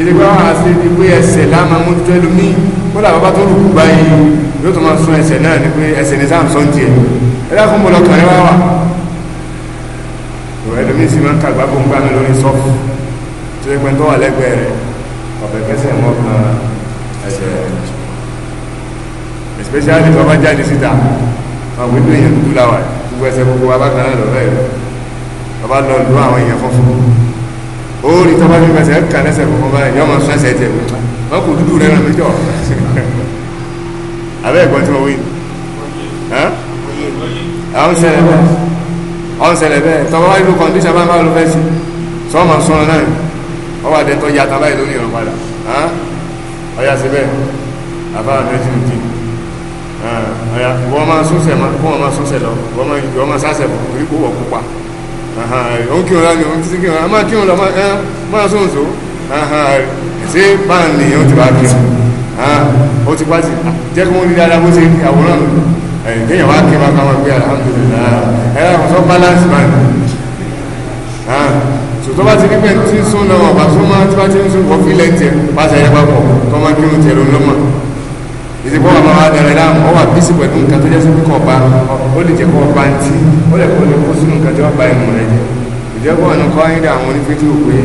ìdí pé wọ́n á sí ibi pé ẹsẹ̀ láàmà mú tó ẹlòmí kó làwọn bá tó rùkú báyìí yóò tó máa sún ẹsẹ̀ náà ni pé ẹsẹ̀ ní sáà ń sọ́n tiẹ̀ ẹ dákun mo lọ kàn ẹ wá wà ẹlòmí sì máa ń kàgbá kó ń gbá mi lórí sọ́ọ̀fù tó yẹ pé tó wà lẹ́gbẹ̀ẹ́ rẹ̀ ọ̀bẹ̀ kẹsẹ̀ mọ́ kan ẹsẹ̀ especially tó bá jáde síta àwọn ìlú dúdú láwàá gbogbo ẹsẹ̀ gbogbo abákan náà lọ́rẹ́ rẹ̀ bàbá lọ lu àwọn èèyàn fọ́fọ́ ó rí tọ́ba fi fẹsẹ̀ kà lẹ́sẹ̀ kọ̀ọ̀kan báyìí yọ́mọ sẹ́sẹ̀ jẹ̀ wọ́n kò dúdú rẹ̀ rẹ̀ méjọ́ abẹ́ ẹ̀gbọ́n tí mo wí àwọn ṣẹlẹ̀ bẹ́ẹ̀ àwọn ṣẹlẹ̀ bẹ́ẹ̀ tọ́ba wáyé ló kọ́ndíṣà bá ń bá lọ fẹ́ sí sọ́ọ̀mọ̀ sọ́ọ̀ náà ọwọ́ adẹ́tọ́ yàtọ̀ báyìí lórí ìrànpadà ọ̀yà síbẹ̀ àbára méjì nìkíni Ah, wọ́n máa súnṣẹ̀ wọ́n máa súnṣẹ̀ lọ wọ́n máa wọ́n máa sásẹ̀ bọ̀ torí kò wọ̀ pupa òun kí wọn lánàá òun títí kí wọn máa kí wọn lọ máa eh, sóńsó ṣé báyìí nìyẹn ó ti bá kí wọn ó ti pàṣẹ ah, jẹ́ kí wọ́n rí dáadáa bó ṣe rí àwòrán mi eh, ẹ̀ẹ́dẹ́yìn wá kí wọn káwọn gbé alhamdulilayi eh, ẹ̀rọ àwọn sọ balance báyìí tó bá ti ní pé tí ń sún náà ọ̀bà tó máa tí bá ti ń sún wọ́n fi lẹ́tẹ̀ẹ́ pàṣẹ yẹn papọ̀ tó máa kí wọn tẹ̀ lónìí ìdìbò ọmọ wa dẹrẹ dáhùn ọ wà bísí pẹ̀lú nǹkan tó jẹ́ sí kọ́ ọba ó lè jẹ́ kọ́ ọba ń tí ó lè kó lè kó sínú nǹkan tí wọ́n bá ìmú rẹ jẹ ìjọba ọ̀nà kọ́ ayé dá àwọn onífẹ́tì òpè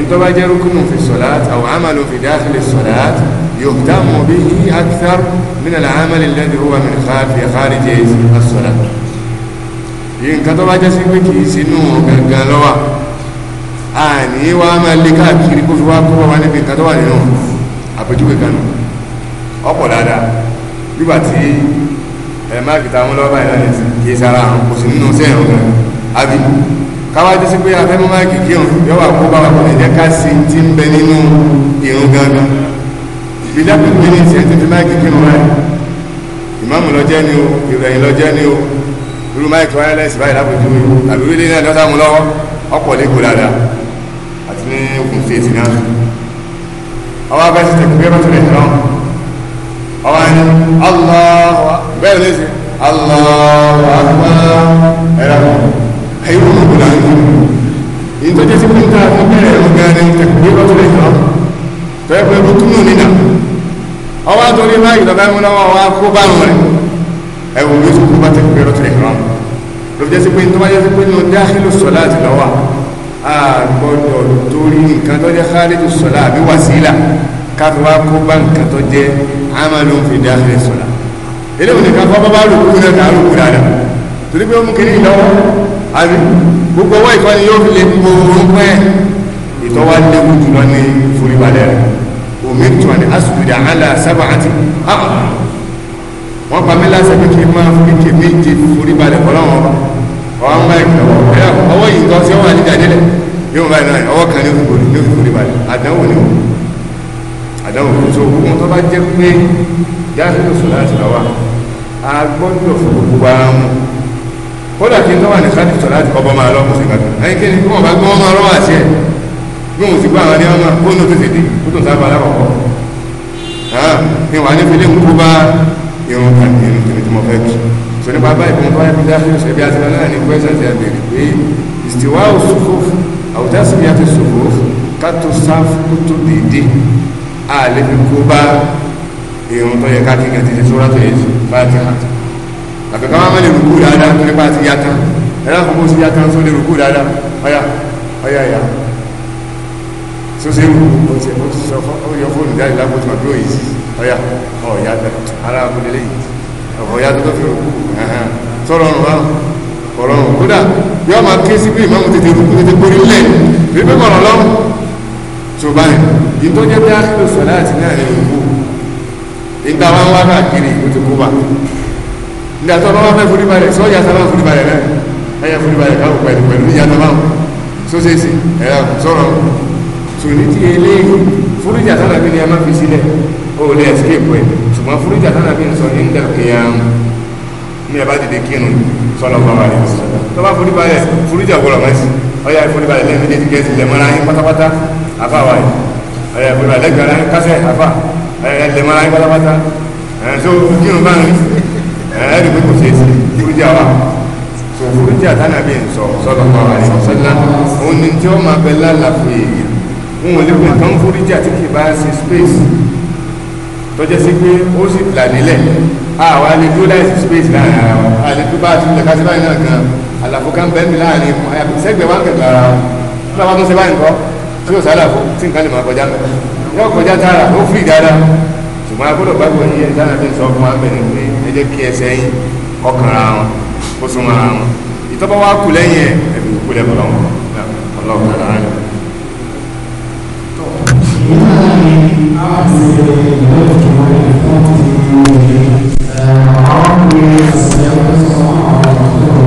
ìtọ́ba jẹ́ rúkúnù fi sọ̀láàtì àwọn àmàlù fi dáàtì lè sọ̀láàtì yóò dáàmú bí i akthar nínú àmàlì lẹ́dí ó wà mí káàfi àkárí jẹ́ àsọ̀lá nǹkan tó bá jẹ́ pé kì í sínú gangan lọ́wà àní wa máa lé káàkiri kó fi wá kó wá níbi nǹkan tó wà nínú àpèjúwe kanu ọ̀pọ̀ dáadáa nígbà tí ẹ̀ máàkì tá a mú lọ́wọ́ báyìí lọ́nà ẹ̀sìn kì í sara àrùn kò sí nínú sẹ́yìn ọ̀gá àbí káwájú sí pé afẹ́ mú máàkì kí òun yọ wà kó bá wà kó lè jẹ́ ká sí ti ń bẹ nínú irun gangan ìdápẹ́ pé ní ìsìn ẹ̀tún fi máàkì kí òun báyìí ìmáàmù lọ́jẹ́ ni o ìrẹ̀yìn lọ́jẹ́ ni o irú máàkì wireless báyìí lápòjú tàbí orílẹ̀ náà lọ́tà mú lọ́wọ́ ọ̀pọ̀ lẹ́kọ̀ọ́ dáadáa àti ní okùn fèsì náà ọwọ́ abẹ́sẹ̀ tẹ̀kú bí ẹ ọwọ́ ni Allahu bẹ́ẹ̀ lè ṣe Allahu akbar ẹ̀rọ ẹ̀yìn wọn kò náà ní ìyẹn tó jẹ́ sí pínta fún bẹ́ẹ̀ ẹ̀rọ gan-an ní tẹ̀kùnrin lọ́tọ̀lẹ̀ ìlọ́ tọ́yẹ́ pé rúkúnù kó bá wọn rẹ̀ ẹ̀wọ̀n ló sùn kó bá tẹ̀kùnrin lọ́tọ̀lẹ̀ ìlọ́ ló jẹ́ sí pé tó bá jẹ́ sí pé ní dáhìlù sọ̀lá àti lọ́wà àgbọ̀dọ̀ torí nǹkan tó jẹ́ kálíjù sọ̀lá àbí wàsílà káfí wá kó bá nǹkan tó jẹ́ amadu fi dá rẹ̀ sọ̀la eléwò ní káfọ́ bá bá rúkú náà ká rúkú dáadáa torí pé ó mú kiri ìlọ́wọ́ àbí gbogbo ọwọ́ ìfọ́ni yóò fi lè gbó orúkọ ẹ̀ ìtọ́wá léwu jùlọ ní foríbalẹ̀ rẹ̀ omi tún àti asùnìdà àlà sábà àti àpò wọ́n pa mí lásẹ̀ pé kí n máa fi kí méje foríbalẹ̀ kọ́ láwọn ọba ọwọ́ máa ń gbà wọ́n ọwọ́ yìí tọ́ sí ọwọ́ àlejò àdélẹ̀ yóò bá náà ọwọ́ kan ní òfin foríbalẹ̀ àdánwò ni wọ́n àdáwò tó gbogbo tó bá jẹ́ pé jáfẹ́lò sọ láti lọ́wọ́ a gbọ́dọ̀ fún gbogbo ara mu kódà kí n tó wà ní káàdì sọ láti ọbọ̀ máa lọ́mù sí kankan ẹni kí ni kí wọ́n bá gbọ́ ọmọ ọlọ́wọ́ àti ẹ̀ bí wọ́n sì gbọ́ àwọn ẹni ọmọ kó ní tètè dé kó tó sábà lákọ̀ọ́kọ́ ni wà ní fílẹ̀ ń kó bá irun kan irun tèmi tí mo fẹ́ kí so nípa báyìí mo fẹ́ kí jáfẹ́lò sọ ẹbí àti lọ́nà ní kwẹ́sàn a ti ṣòfò ká tó sáfù kó tó dèédéé a lè fi kó bá irun tó yẹ ká kí kẹtì sọ́ra tó yẹ sí fáti hàn àbẹ̀ ká má má lè rúkú dáadáa tó nípa àti yá tán ẹ̀rọ àkókò sí yá tán tó lè rúkú dáadáa ọ̀yà ọ̀yà ìyá sọ́sẹ́ rúkú ó ti yọ fóònù jáde lápò tó máa dúró yìí sí ọ̀yà ọ̀yà ara àkọlẹ̀ lẹ́yìn ọ̀yà tó fi rúkú sọ̀rọ̀ ọ̀run báwọn ọ̀rọ̀ ọ̀run kódà yọ máa ké sí pé ìmáàmù tètè rúkú tètè kórìí lẹ̀ rí pé kọ̀rọ̀ lọ́rùn tó báyìí ìtọ́jẹ́ bí ákìlò sọ̀rọ̀ àti náà ẹ̀rọ kú ìgbà wọn wá káàkiri ó ti kó bá nígbà tó wọn fẹ́ forí balẹ̀ sọ́jà sábà forí balẹ̀ náà ẹ̀yà forí balẹ̀ káwọn pẹ̀lú pẹ̀lú ìyàtọ̀ báwọn sóṣèṣì ẹ̀yà sọ̀rọ̀ tòní ti eléyìí fúrújà sábà bí ni a máa fi sílẹ̀ ó lè escape ẹ̀ ṣùgbọ́n fúrújà sábà bí ni sọ ní ìdá kìyàm ní ẹ̀ bá dìde kírun sọ́lọ́ bá wà lẹ́yìn tó bá forí balẹ̀ ọyá ìfúnibàlẹ̀ lẹ́yìn méjèèjì kẹ́sì lẹ́mọ́ra yín pátápátá àfa wa yìí ọyá ìfúnibàlẹ̀ lẹ́gbẹ̀rẹ̀ yín kásẹ̀ àfa ọyá lẹ́mọ́ra yín pátápátá ẹ̀ tó kírun bá ń rí ẹ̀ ẹ́ rí pé kò ṣeé ṣe fúrúdì àwa tó fúrúdì àtànà bíi nsọ sọlọ pa wa nìkan sọlá òun ni tí ó máa bẹ lálàfin èèyàn space tọ́jẹ́ sí pé ó sì là nílẹ̀ àwa lè dúró láì sí space láàrin ara wa àlejò bá a ti lè kásí báyìí náà gan-an àlàfo kan bẹ́ẹ̀ mi láàrin mu àyàfi sẹ́gbẹ̀ẹ́ wá ń kẹ̀kẹ́ ara wọn nígbà wọn ṣe báyìí kọ́ tí yóò sálàfo tí nǹkan lè máa kọjá mẹ́ yóò kọjá tára ó fìrì dáadáa ṣùgbọ́n agbọ́dọ̀ gbàgbọ́ yìí ẹni táwọn fi ń sọ fún wa pé ẹ jẹ́ kí ẹsẹ̀ yín ọkàn ara wọn kó súnmọ́ ara wọn ìtọ́ba wa kù lẹ́yìn ẹ̀ ẹ̀bí kú